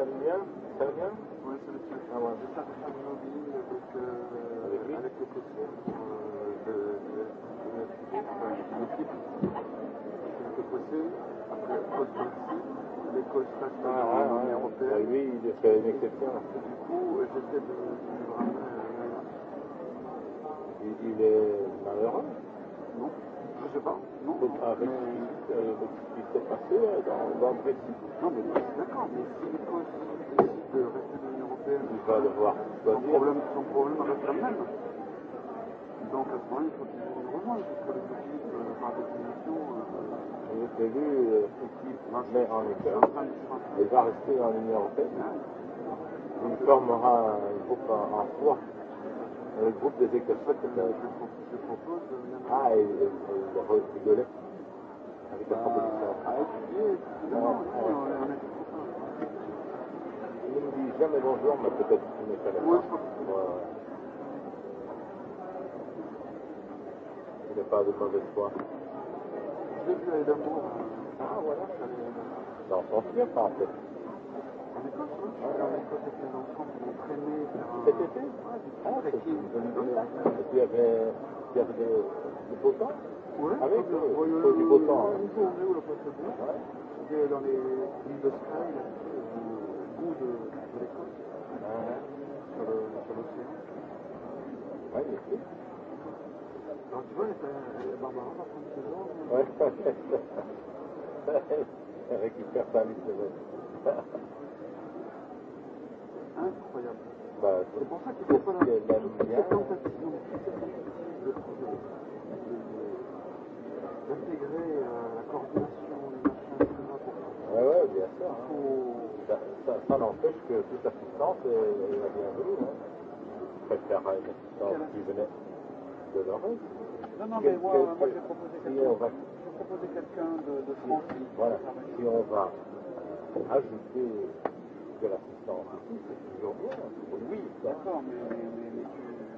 Ça va bien Ça va bien Oui, c'est le truc. Ah ouais. Juste un peu de mobile avec, euh, avec, lui avec le copier euh, de, de, de l'équipe. C'est le copier. Après, post-Brexit, l'école slash ah, ouais, ouais, européenne. Ouais, lui, il a fait une exception. Du coup, j'essaie de, de le ramener à la Il est je sais pas. Non, Donc, avec mais... ce, euh, ce qui s'est passé euh, dans, dans le Brexit. Non, mais d'accord, mais si les États de rester de l'Union Européenne, il va le voir. Son problème, son problème reste le même. Donc à ce moment-là, il faut qu'ils nous rejoignent, parce que l'objectif, euh, par définition. Euh, J'ai prévu euh, qui mais en Écosse, il va rester dans l'Union Européenne. Il formera un groupe en soi, euh, le groupe des Écossais. Euh, ah, et, et, der häufig Gülle. Habe ich das Problem Il ne dit Nem bonjour, mais peut-être qu'il n'est pas là. Oui, Il n'est pas de mauvaise foi. Je l'ai vu aller d'amour. Ah, voilà. Non, on ne pas en fait. En Écosse, oui. Je suis en Écosse avec mes enfants qui m'ont traîné vers un... Cet été Ouais, j'ai traîné avec qui Et tu avais, tu avais des, des beaux temps Ouais, avec le, le, le, du beau temps. Une journée où la poste est bien. Ouais. Dans les îles de Skye, là, au bout de, de l'Écosse, ouais. sur l'océan. Ouais, bien sûr. Alors tu vois, elle est, elle est Barbara par contre ce genre. Ouais, elle récupère sa vie de Incroyable. Bah, c'est pour ça qu'il ne
faut pas la, la, la, la tentation. Je trouve
d'intégrer euh, la coordination des machins est très important. Oui, ouais, bien sûr. Hein. Faut... Ça, ça, ça n'empêche que toute assistance est, est la bienvenue. Hein. Je préfère une assistance Quelle... qui venait de l'Europe. Non, non, mais moi, moi j'ai proposé quelqu'un va... proposé quelqu'un de, de France. Si, voilà, si on va euh, ajouter de l'assistance ici, c'est toujours bien. Oui, d'accord, mais, mais, mais, mais tu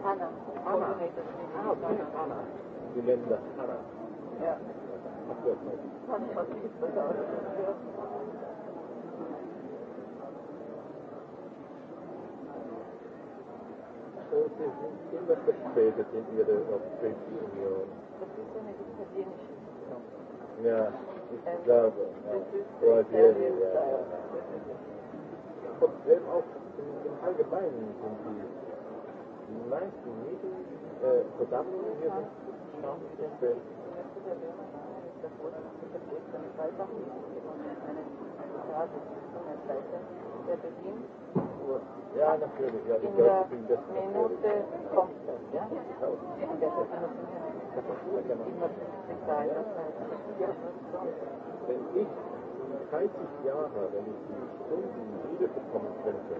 Hannah. Hannah. Oh, Hannah. Hannah. You meant the Hannah. Yeah. Of course. So, Sie sind immer verspätet in Ihre Opinion. Das ist eine italienische Ja, ich glaube. Ja. Ja, ja, ja. im Allgemeinen sind die Nice to meet you. Eh, contamos un día. No, siempre. Der beginnt ja, natürlich, ja, in der Minute kommt das, ja? Und das ist immer Detail, das heißt, Wenn ich 30 Jahre, wenn ich die Stunden wiederbekommen könnte,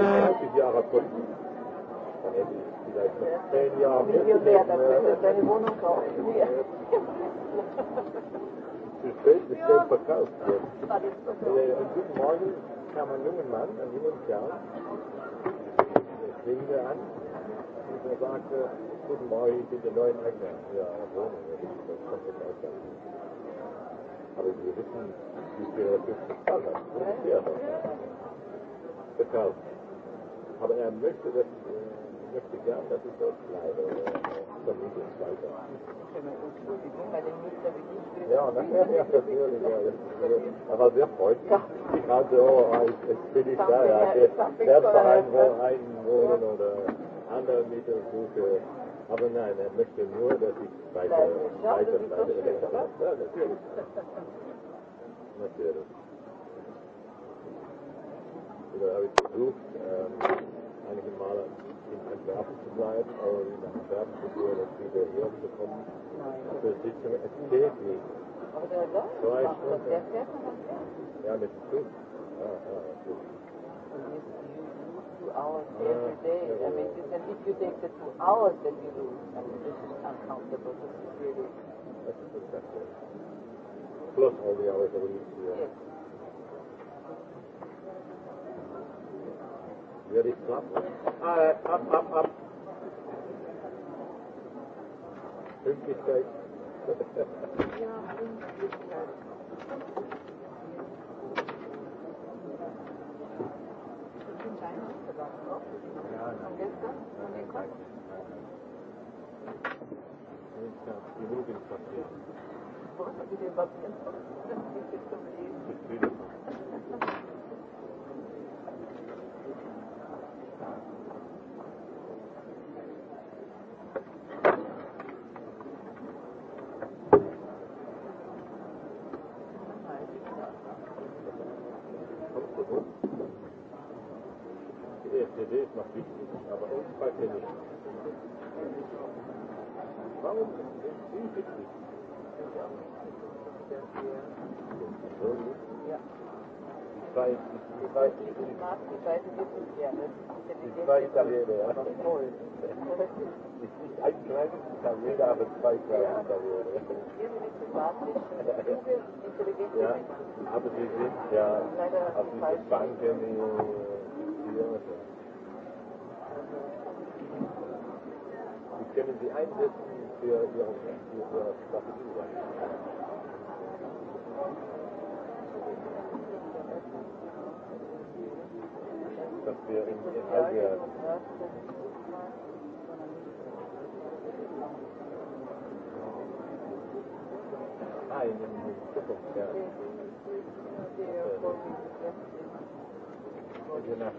äh. 30 Jahre Politik. Dann hätte ich vielleicht noch 10 Jahre. Wie viel wäre das, wenn du deine Wohnung kaufst? Ja. Zu spät ist Geld verkauft jetzt. Am guten Morgen kam ein junger Mann, ein junger Kerl, der klingelte an und er sagte, guten Morgen, ich bin der neue Eigner ihrer Wohnung. Das kommt in Deutschland. Aber wir wissen, wie viel das jetzt bezahlt hat. Verkauft aber er möchte, dass, möchte gern, dass ich dort bleibe, vermittelt weiter. Ja, nachher, ja, natürlich, ja, das war sehr freundlich. Also, ich, jetzt bin ich da, ja, Selbstverein wohnen oder andere Mittel suche. Aber nein, er möchte nur, dass ich weiter, weiter bleibe. Ja, natürlich. Natürlich oder habe ich versucht, ähm, einige Male in Antwerpen zu bleiben, aber in Antwerpen zu gehen und wieder hierher zu kommen. Das ist, es geht nicht. Aber der läuft. Zwei Stunden. Der fährt nach Ja, mit dem Zug. Ja, ja, natürlich. Two hours every day. Uh, yeah, I mean, this, and if you take the two hours that you lose, I mean, this is uncountable. This is really. That's a good Plus all the hours that we need to. Uh, yes. Ready? Up. All right, up, up, up. Pünktlichkeit. ja, Pünktlichkeit. Jugendpapier. Was mit dem Papier? Das ist jetzt zum Lesen. Das ist está bien, Ein kleines kann aber zwei kleine ja. Klaviere. ja, aber sie sind ja auf diese Banken hier. Sie können sie einsetzen für ihre Strategie. Alger. Alger. Ah, in dem Zukunft, ja. Je nach,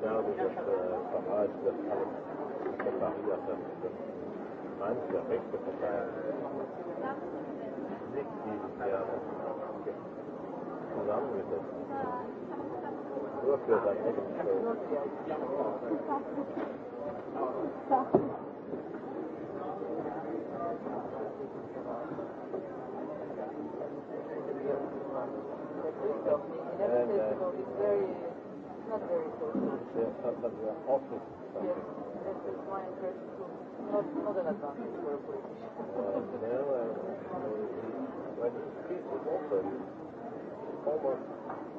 Saudi das Verrat, das alles verteidigt hat, das Mann, der Rechte verteidigt. Not, not an advantage for a politician. uh, no, I, I, when the street was open, almost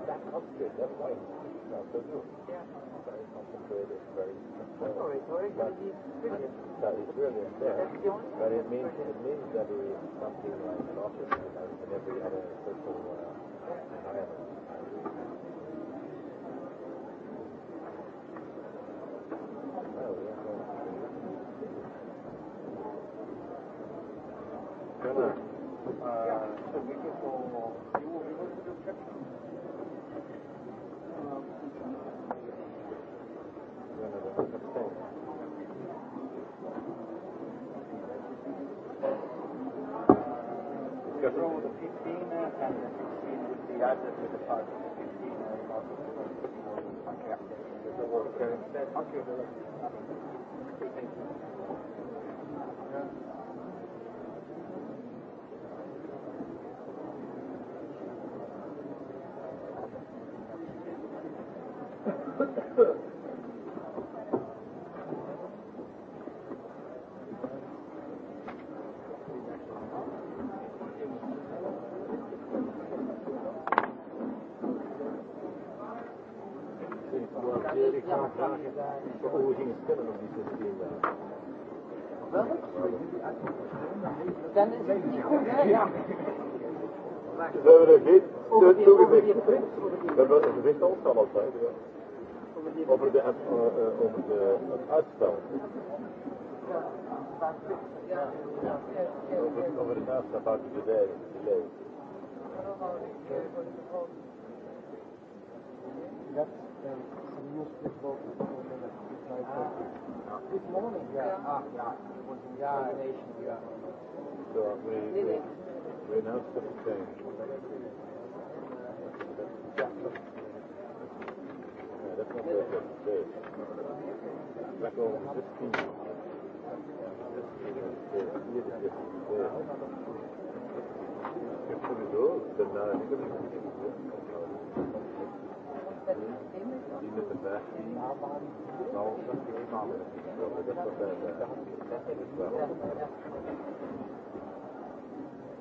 that upstairs, that's why it's not so new. Yeah. Very concentrated, very... That's all right, sorry, but it's brilliant. That is brilliant, yeah. That's the only but it means, it means that it is something like an office, like in every other social uh, environment. de azt kérdezem. Ja. Ze hebben er geen steun toegezegd. Ze hebben een gezicht al kan altijd. Ja. Over, de, uh, over de, uitstel. Ja. Ja. Over van de delay. That's morning, yeah. Ah, yeah. It was in yeah. yeah. So we, we, we announced the change. Yeah, that's not very good today. Back over 15. 15 die met de berg die nou samen. Dat is wel.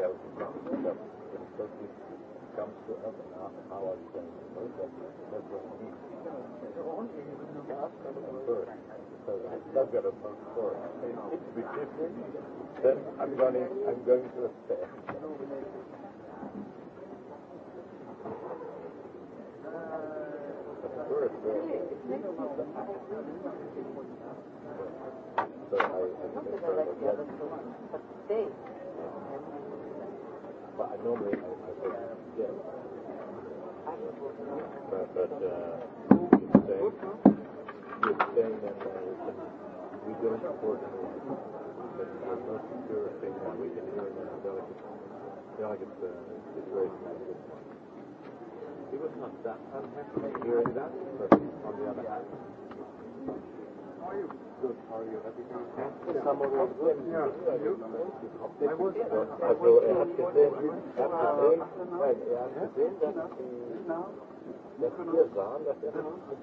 tell because it comes to us and after how are you going to know that that's what we need. Ask them first. So I've got a phone first. It's a bit different. Then I'm going, I'm going to a fair. First, uh, so I, I think that's the one. But today, normally yeah. But, but uh, you're saying, you're saying that uh, we don't support the that the most secure thing that we can do in a delicate, delicate uh, situation like this one. He was not that unhappy hearing that, but on the other hand, How are you? Good. How are you? Happy Thanksgiving. Summer was good. Yeah. You? I was. Also, er hat gesehen, er hat gesehen, nein, er hat gesehen, dass die, dass wir sahen, dass er uns mit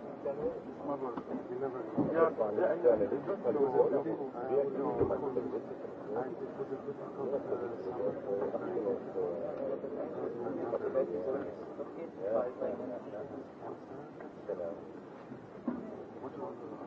Ja, das war nicht seine Richtung, weil wir sind wirklich gemacht haben. Genau.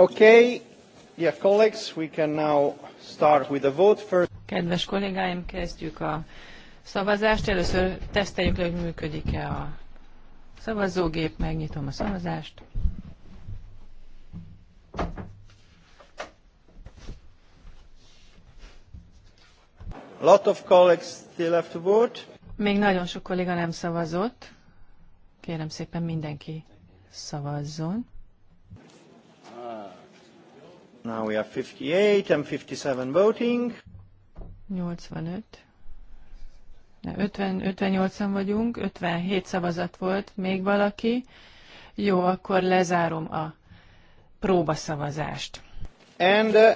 Okay, yeah, colleagues, we can now start with the vote first.
Kedves kollégáim, kezdjük a szavazást. Először teszteljük hogy működik-e a szavazógép. Megnyitom a szavazást.
A lot of colleagues still have to vote.
Még nagyon sok kolléga nem szavazott. Kérem szépen mindenki szavazzon.
Now we have 58 and 57 voting.
85. 50, 58-an vagyunk, 57 szavazat volt, még valaki. Jó, akkor lezárom a próbaszavazást.
And uh,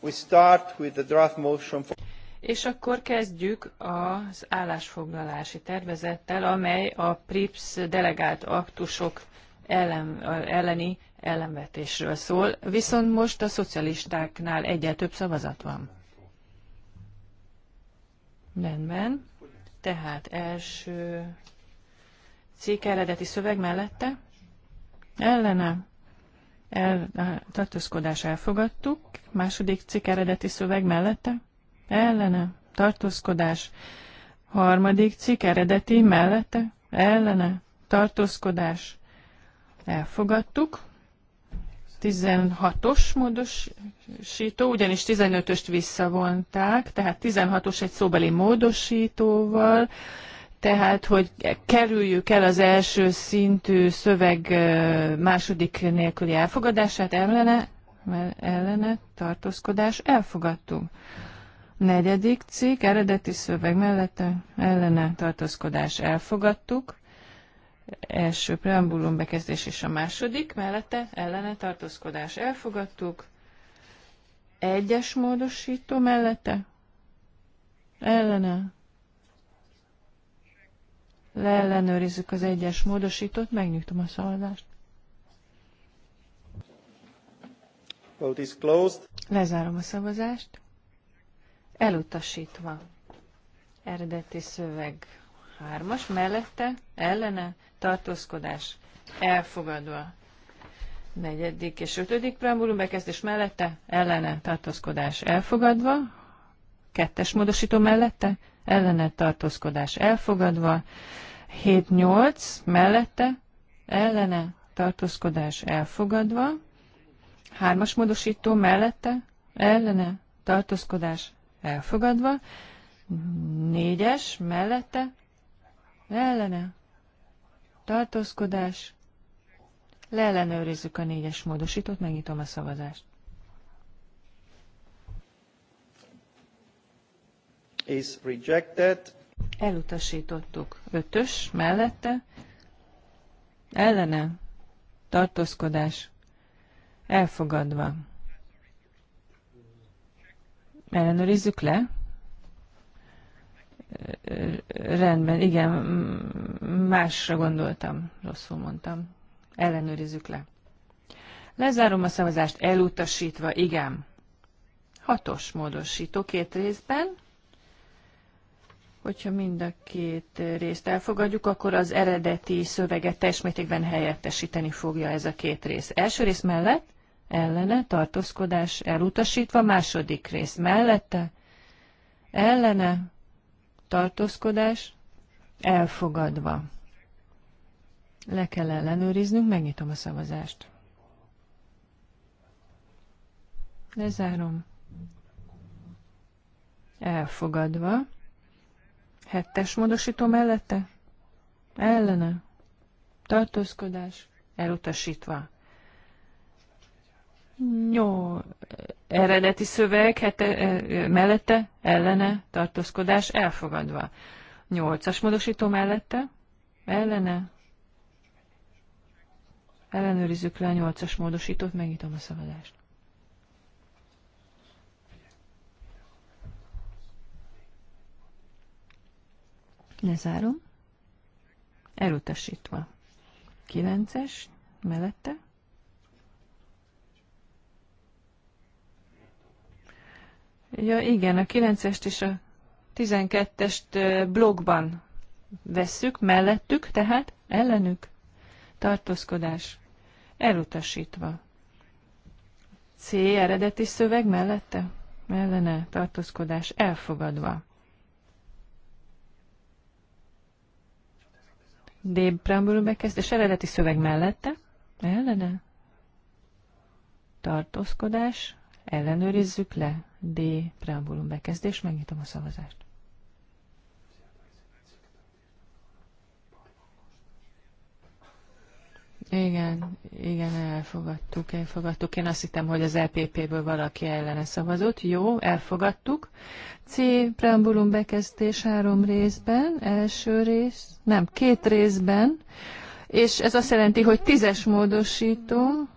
we start with the draft motion for... És akkor
kezdjük az állásfoglalási tervezettel, amely a PRIPS delegált aktusok ellen, elleni ellenvetésről szól, viszont most a szocialistáknál egyel több szavazat van. Rendben. Tehát első cikk eredeti szöveg mellette. Ellene. El, tartózkodás elfogadtuk. Második cikk eredeti szöveg mellette. Ellene. Tartózkodás. Harmadik cikk eredeti mellette. Ellene. Tartózkodás. Elfogadtuk. 16-os módosító, ugyanis 15-öst visszavonták, tehát 16-os egy szóbeli módosítóval, tehát, hogy kerüljük el az első szintű szöveg második nélküli elfogadását, ellene, ellene tartózkodás, elfogadtunk. Negyedik cikk, eredeti szöveg mellette, ellene tartózkodás, elfogadtuk első preambulum bekezdés és a második, mellette ellene tartózkodás elfogadtuk, egyes módosító mellette ellene leellenőrizzük az egyes módosítót, megnyugtom a szavazást. Lezárom a szavazást. Elutasítva. Eredeti szöveg Hármas mellette ellene tartózkodás elfogadva. Negyedik és ötödik preambulum bekezdés mellette ellene tartózkodás elfogadva. Kettes módosító mellette ellene tartózkodás elfogadva. 7-8 mellette ellene tartózkodás elfogadva. Hármas módosító mellette ellene tartózkodás elfogadva négyes mellette ellene, tartózkodás, leellenőrizzük a négyes módosítót, megnyitom a szavazást.
Is rejected.
Elutasítottuk. Ötös mellette, ellene, tartózkodás, elfogadva. Ellenőrizzük le. Rendben, igen, másra gondoltam, rosszul mondtam. Ellenőrizzük le. Lezárom a szavazást elutasítva, igen. Hatos módosító két részben. Hogyha mind a két részt elfogadjuk, akkor az eredeti szöveget teljes mértékben helyettesíteni fogja ez a két rész. Első rész mellett, ellene, tartózkodás elutasítva, második rész mellette, ellene, tartózkodás elfogadva. Le kell ellenőriznünk, megnyitom a szavazást. Lezárom. Elfogadva. Hettes módosító mellette? Ellene. Tartózkodás. Elutasítva. Jó, eredeti szöveg, hete, e, mellette, ellene, tartózkodás, elfogadva. Nyolcas módosító mellette, ellene, ellenőrizzük le a nyolcas módosítót, megnyitom a szavazást. Lezárom. Elutasítva. Kilences, mellette, Ja igen, a 9-est és a 12-est blogban vesszük, mellettük, tehát ellenük tartózkodás elutasítva. C eredeti szöveg mellette? Ellene tartózkodás elfogadva. D preambulum bekezdés eredeti szöveg mellette? Ellene? Tartózkodás? Ellenőrizzük le. D preambulum bekezdés, megnyitom a szavazást. Igen, igen, elfogadtuk, elfogadtuk. Én azt hittem, hogy az lpp e ből valaki ellene szavazott. Jó, elfogadtuk. C. Preambulum bekezdés három részben, első rész, nem, két részben, és ez azt jelenti, hogy tízes módosító,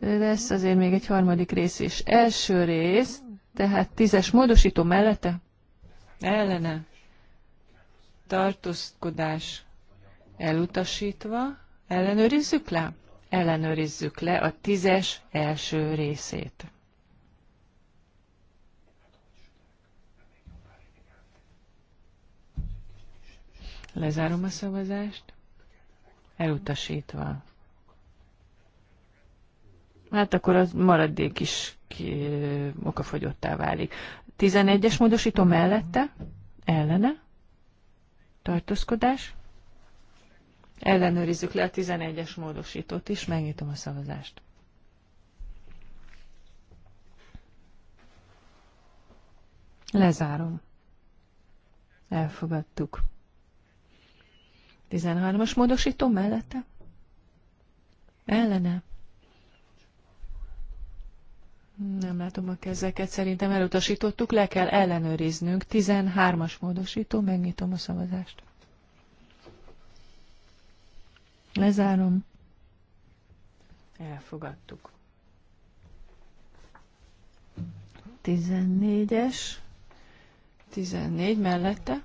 lesz azért még egy harmadik rész is. Első rész, tehát tízes módosító mellette, ellene, tartózkodás elutasítva, ellenőrizzük le? Ellenőrizzük le a tízes első részét. Lezárom a szavazást. Elutasítva hát akkor az maradék is ki, okafogyottá válik. 11-es módosító mellette, ellene, tartózkodás. Ellenőrizzük le a 11-es módosítót is, megnyitom a szavazást. Lezárom. Elfogadtuk. 13-as módosító mellette? Ellene. Nem látom a kezeket, szerintem elutasítottuk, le kell ellenőriznünk. 13-as módosító, megnyitom a szavazást. Lezárom. Elfogadtuk. 14-es, 14 mellette,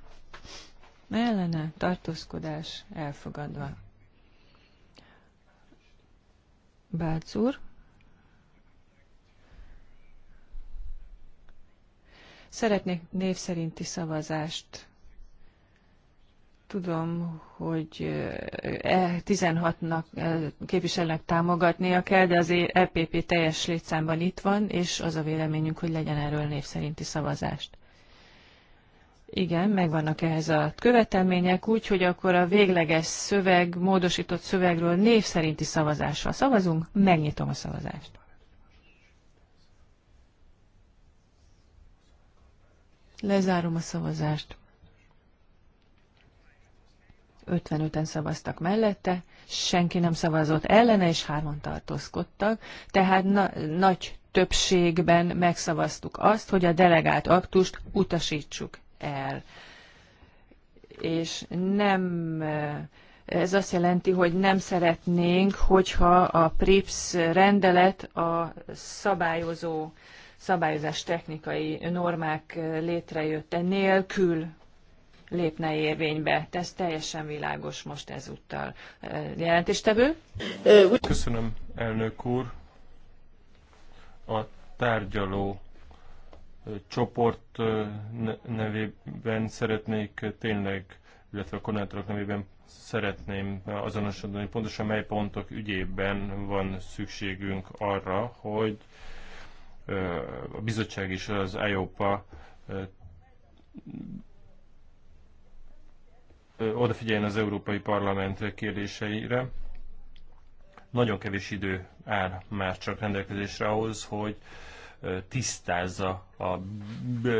ellene tartózkodás elfogadva. Bác Szeretnék név szerinti szavazást. Tudom, hogy 16-nak eh, e eh, képviselnek támogatnia kell, de az EPP teljes létszámban itt van, és az a véleményünk, hogy legyen erről név szerinti szavazást. Igen, megvannak ehhez a követelmények, úgy, hogy akkor a végleges szöveg, módosított szövegről név szerinti szavazással szavazunk. Megnyitom a szavazást. Lezárom a szavazást. 55-en szavaztak mellette, senki nem szavazott ellene, és hárman tartózkodtak. Tehát na- nagy többségben megszavaztuk azt, hogy a delegált aktust utasítsuk el. És nem ez azt jelenti, hogy nem szeretnénk, hogyha a PRIPS rendelet a szabályozó szabályozás technikai normák létrejötte nélkül lépne érvénybe. Ez teljesen világos most ezúttal. Eh, jelentéstevő?
Köszönöm, elnök úr. A tárgyaló eh, csoport eh, nevében szeretnék tényleg, illetve a koordinátorok nevében szeretném azonosítani, pontosan mely pontok ügyében van szükségünk arra, hogy a bizottság és az IOPA odafigyeljen az Európai Parlament kérdéseire. Nagyon kevés idő áll már csak rendelkezésre ahhoz, hogy tisztázza a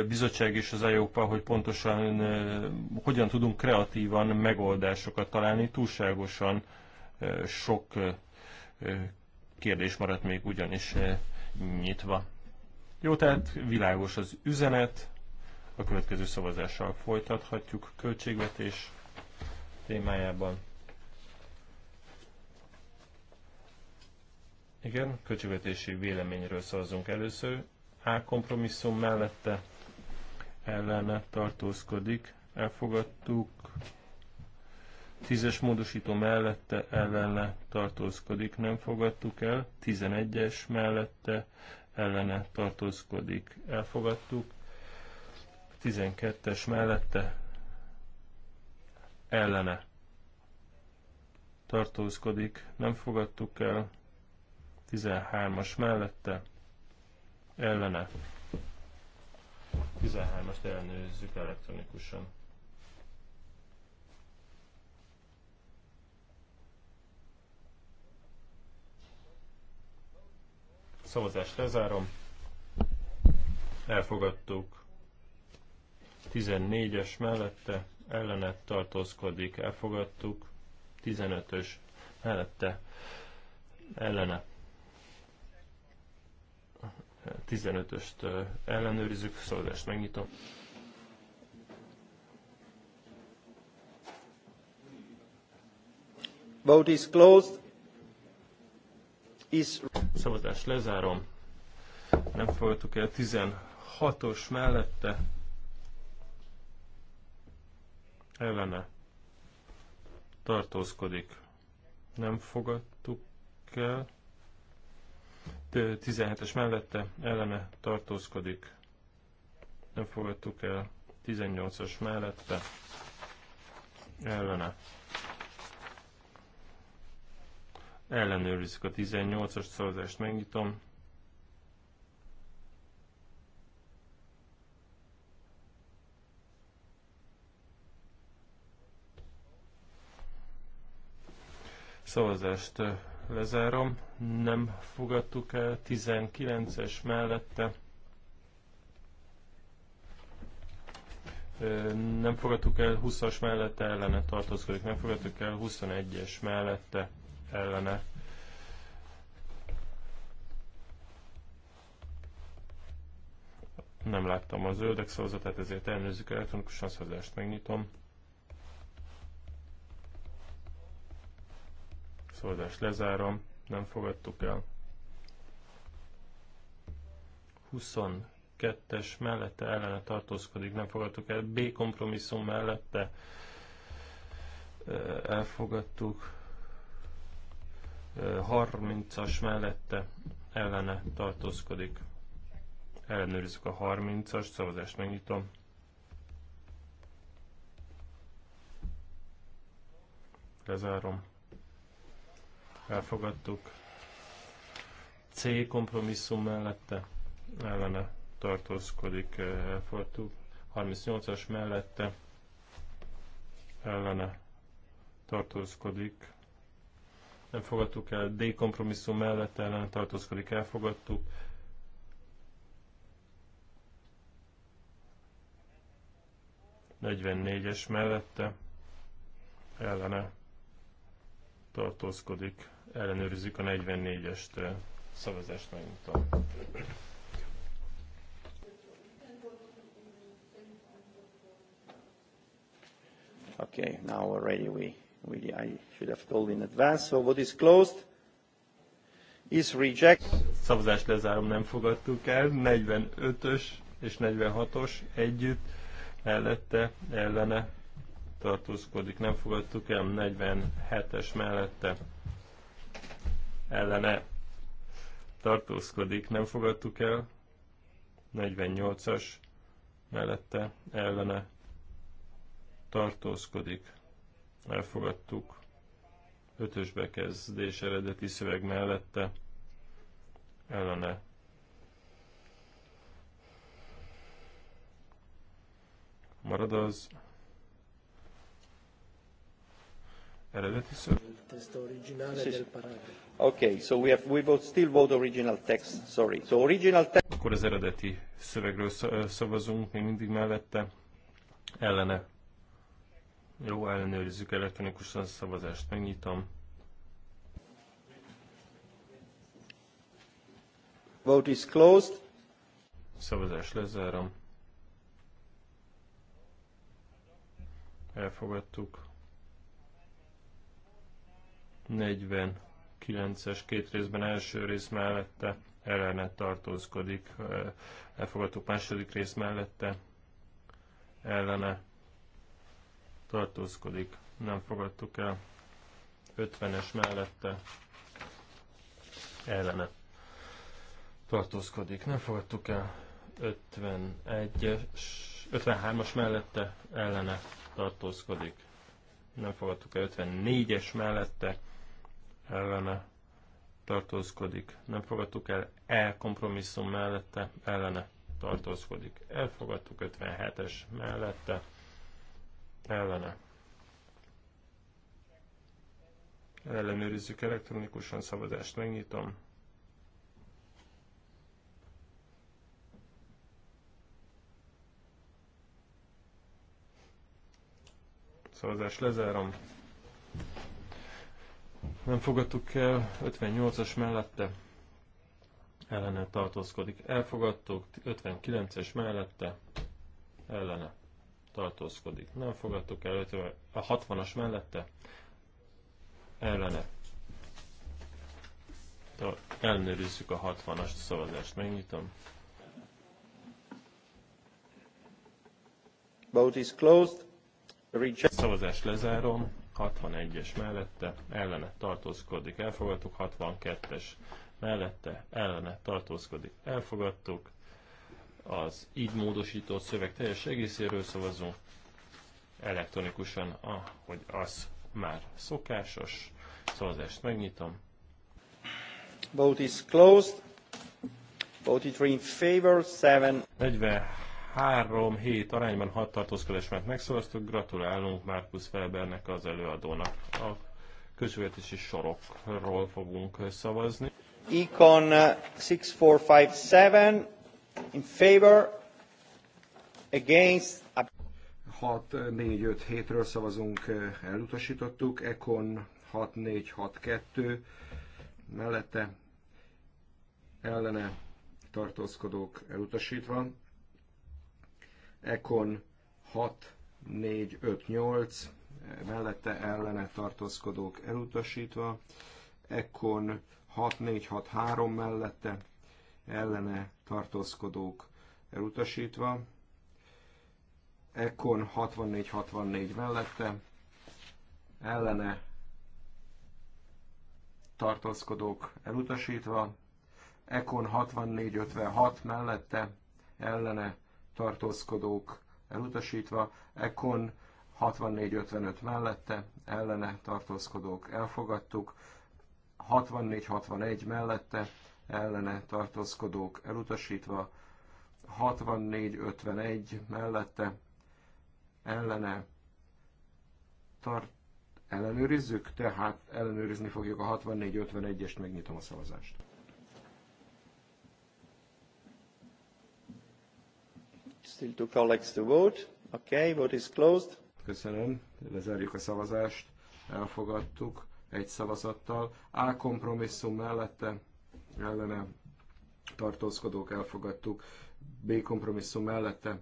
bizottság és az IOPA, hogy pontosan hogyan tudunk kreatívan megoldásokat találni. Túlságosan sok kérdés maradt még ugyanis nyitva. Jó, tehát világos az üzenet. A következő szavazással folytathatjuk költségvetés témájában. Igen, költségvetési véleményről szavazunk először. A kompromisszum mellette ellene tartózkodik. Elfogadtuk. Tízes módosító mellette ellene tartózkodik, nem fogadtuk el. Tizenegyes mellette ellene tartózkodik, elfogadtuk. 12-es mellette ellene tartózkodik, nem fogadtuk el. 13-as mellette ellene. 13-ast ellenőrizzük elektronikusan. Szavazást lezárom. Elfogadtuk. 14-es mellette ellene tartózkodik. Elfogadtuk. 15-ös mellette ellene 15-öst ellenőrizzük, szavazást megnyitom.
Vote is closed. Is...
Szavazást lezárom. Nem folytuk el 16-os mellette. Ellene. Tartózkodik. Nem fogadtuk el. 17-es mellette ellene tartózkodik. Nem fogadtuk el. 18-as mellette ellene Ellenőrizzük a 18-as szavazást, megnyitom. Szavazást lezárom, nem fogadtuk el, 19-es mellette. nem fogadtuk el 20-as mellette ellene tartózkodik, nem fogadtuk el 21-es mellette ellene nem láttam a zöldek szavazatát, ezért elnőzzük elektronikusan, szavazást megnyitom. Szavazást lezárom, nem fogadtuk el. 22-es mellette ellene tartózkodik, nem fogadtuk el. B kompromisszum mellette eh, elfogadtuk. 30-as mellette ellene tartózkodik. Ellenőrizzük a 30-as, szavazást megnyitom. Lezárom. Elfogadtuk. C kompromisszum mellette ellene tartózkodik. Eh, elfogadtuk. 38-as mellette ellene tartózkodik nem fogadtuk el, D kompromisszum mellett ellen tartózkodik, elfogadtuk. es mellette ellene tartózkodik, ellenőrizik a 44-est szavazást megnyitom.
Okay, now already we We, I should have
told in advance. So what is closed is reject. Szavazást lezárom, nem fogadtuk el. 45-ös és 46-os együtt mellette, ellene tartózkodik. Nem fogadtuk el 47-es mellette ellene tartózkodik. Nem fogadtuk el 48-as mellette ellene tartózkodik elfogadtuk. Ötös bekezdés eredeti szöveg mellette ellene marad az eredeti szöveg.
Okay, so we have we vote still vote original text. Sorry. So
original text. Akkor az eredeti szövegről szavazunk, még mindig mellette ellene jó, ellenőrizzük elektronikusan a szavazást, megnyitom. Vote is closed. Szavazás lezárom. Elfogadtuk. 49-es két részben első rész mellette ellenet tartózkodik. Elfogadtuk második rész mellette ellene tartózkodik, nem fogadtuk el. 50-es mellette ellene tartózkodik, nem fogadtuk el. 51-es, 53-as mellette ellene tartózkodik, nem fogadtuk el. 54-es mellette ellene tartózkodik, nem fogadtuk el. E kompromisszum mellette ellene tartózkodik, elfogadtuk. 57-es mellette ellene. Ellenőrizzük elektronikusan, szavazást megnyitom. Szavazást lezárom. Nem fogadtuk el, 58-as mellette ellene tartózkodik. Elfogadtuk, 59-es mellette ellene tartózkodik. Nem fogadtuk el a 60-as mellette ellene. Elnőrizzük a 60-as szavazást. Megnyitom. Vote is closed. Reject. Szavazást lezárom. 61-es mellette ellene tartózkodik. Elfogadtuk. 62-es mellette ellene tartózkodik. Elfogadtuk az így módosított szöveg teljes egészéről szavazó elektronikusan, ahogy az már szokásos. Szavazást megnyitom.
Vote is closed. Vote it in favor, seven.
43 hét arányban 6 tartózkodás mert megszavaztuk. Gratulálunk Markus Felbernek az előadónak. A közvetési sorokról fogunk szavazni.
Econ 6457
uh, In favor, against... 6, 4, 5, 7-ről szavazunk, eh, elutasítottuk. Econ 6, 4, 6, 2 mellette ellene tartózkodók elutasítva. Econ 6, 4, 5, 8 mellette ellene tartózkodók elutasítva. Econ 6, 4, 6, 3 mellette ellene tartózkodók elutasítva, Ekon 64-64 mellette, ellene tartózkodók elutasítva, Ekon 64-56 mellette, ellene tartózkodók elutasítva, Ekon 64-55 mellette, ellene tartózkodók elfogadtuk, 64-61 mellette, ellene tartózkodók elutasítva, 64-51 mellette ellene tart, ellenőrizzük, tehát ellenőrizni fogjuk a 64-51-est, megnyitom a szavazást. Still two colleagues to vote. Okay, vote is closed. Köszönöm, lezárjuk a szavazást, elfogadtuk egy szavazattal. A kompromisszum mellette ellene tartózkodók elfogadtuk, B kompromisszum mellette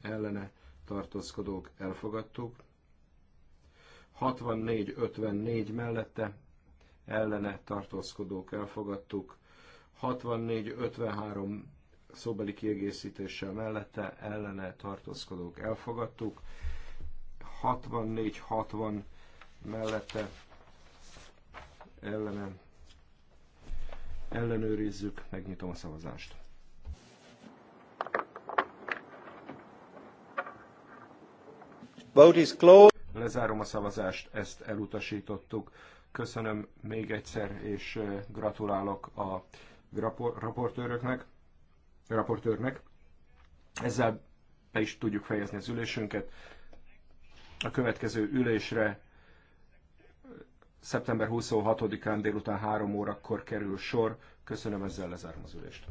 ellene tartózkodók elfogadtuk, 64-54 mellette ellene tartózkodók elfogadtuk, 64-53 szóbeli kiegészítéssel mellette ellene tartózkodók elfogadtuk, 64-60 mellette ellene ellenőrizzük, megnyitom a szavazást. Vote is closed. Lezárom a szavazást, ezt elutasítottuk. Köszönöm még egyszer, és eh, gratulálok a raportőröknek, raportőrnek. Ezzel be is tudjuk fejezni az ülésünket. A következő ülésre szeptember 26-án délután 3 órakor kerül sor. Köszönöm, ezzel lezárom az ülést.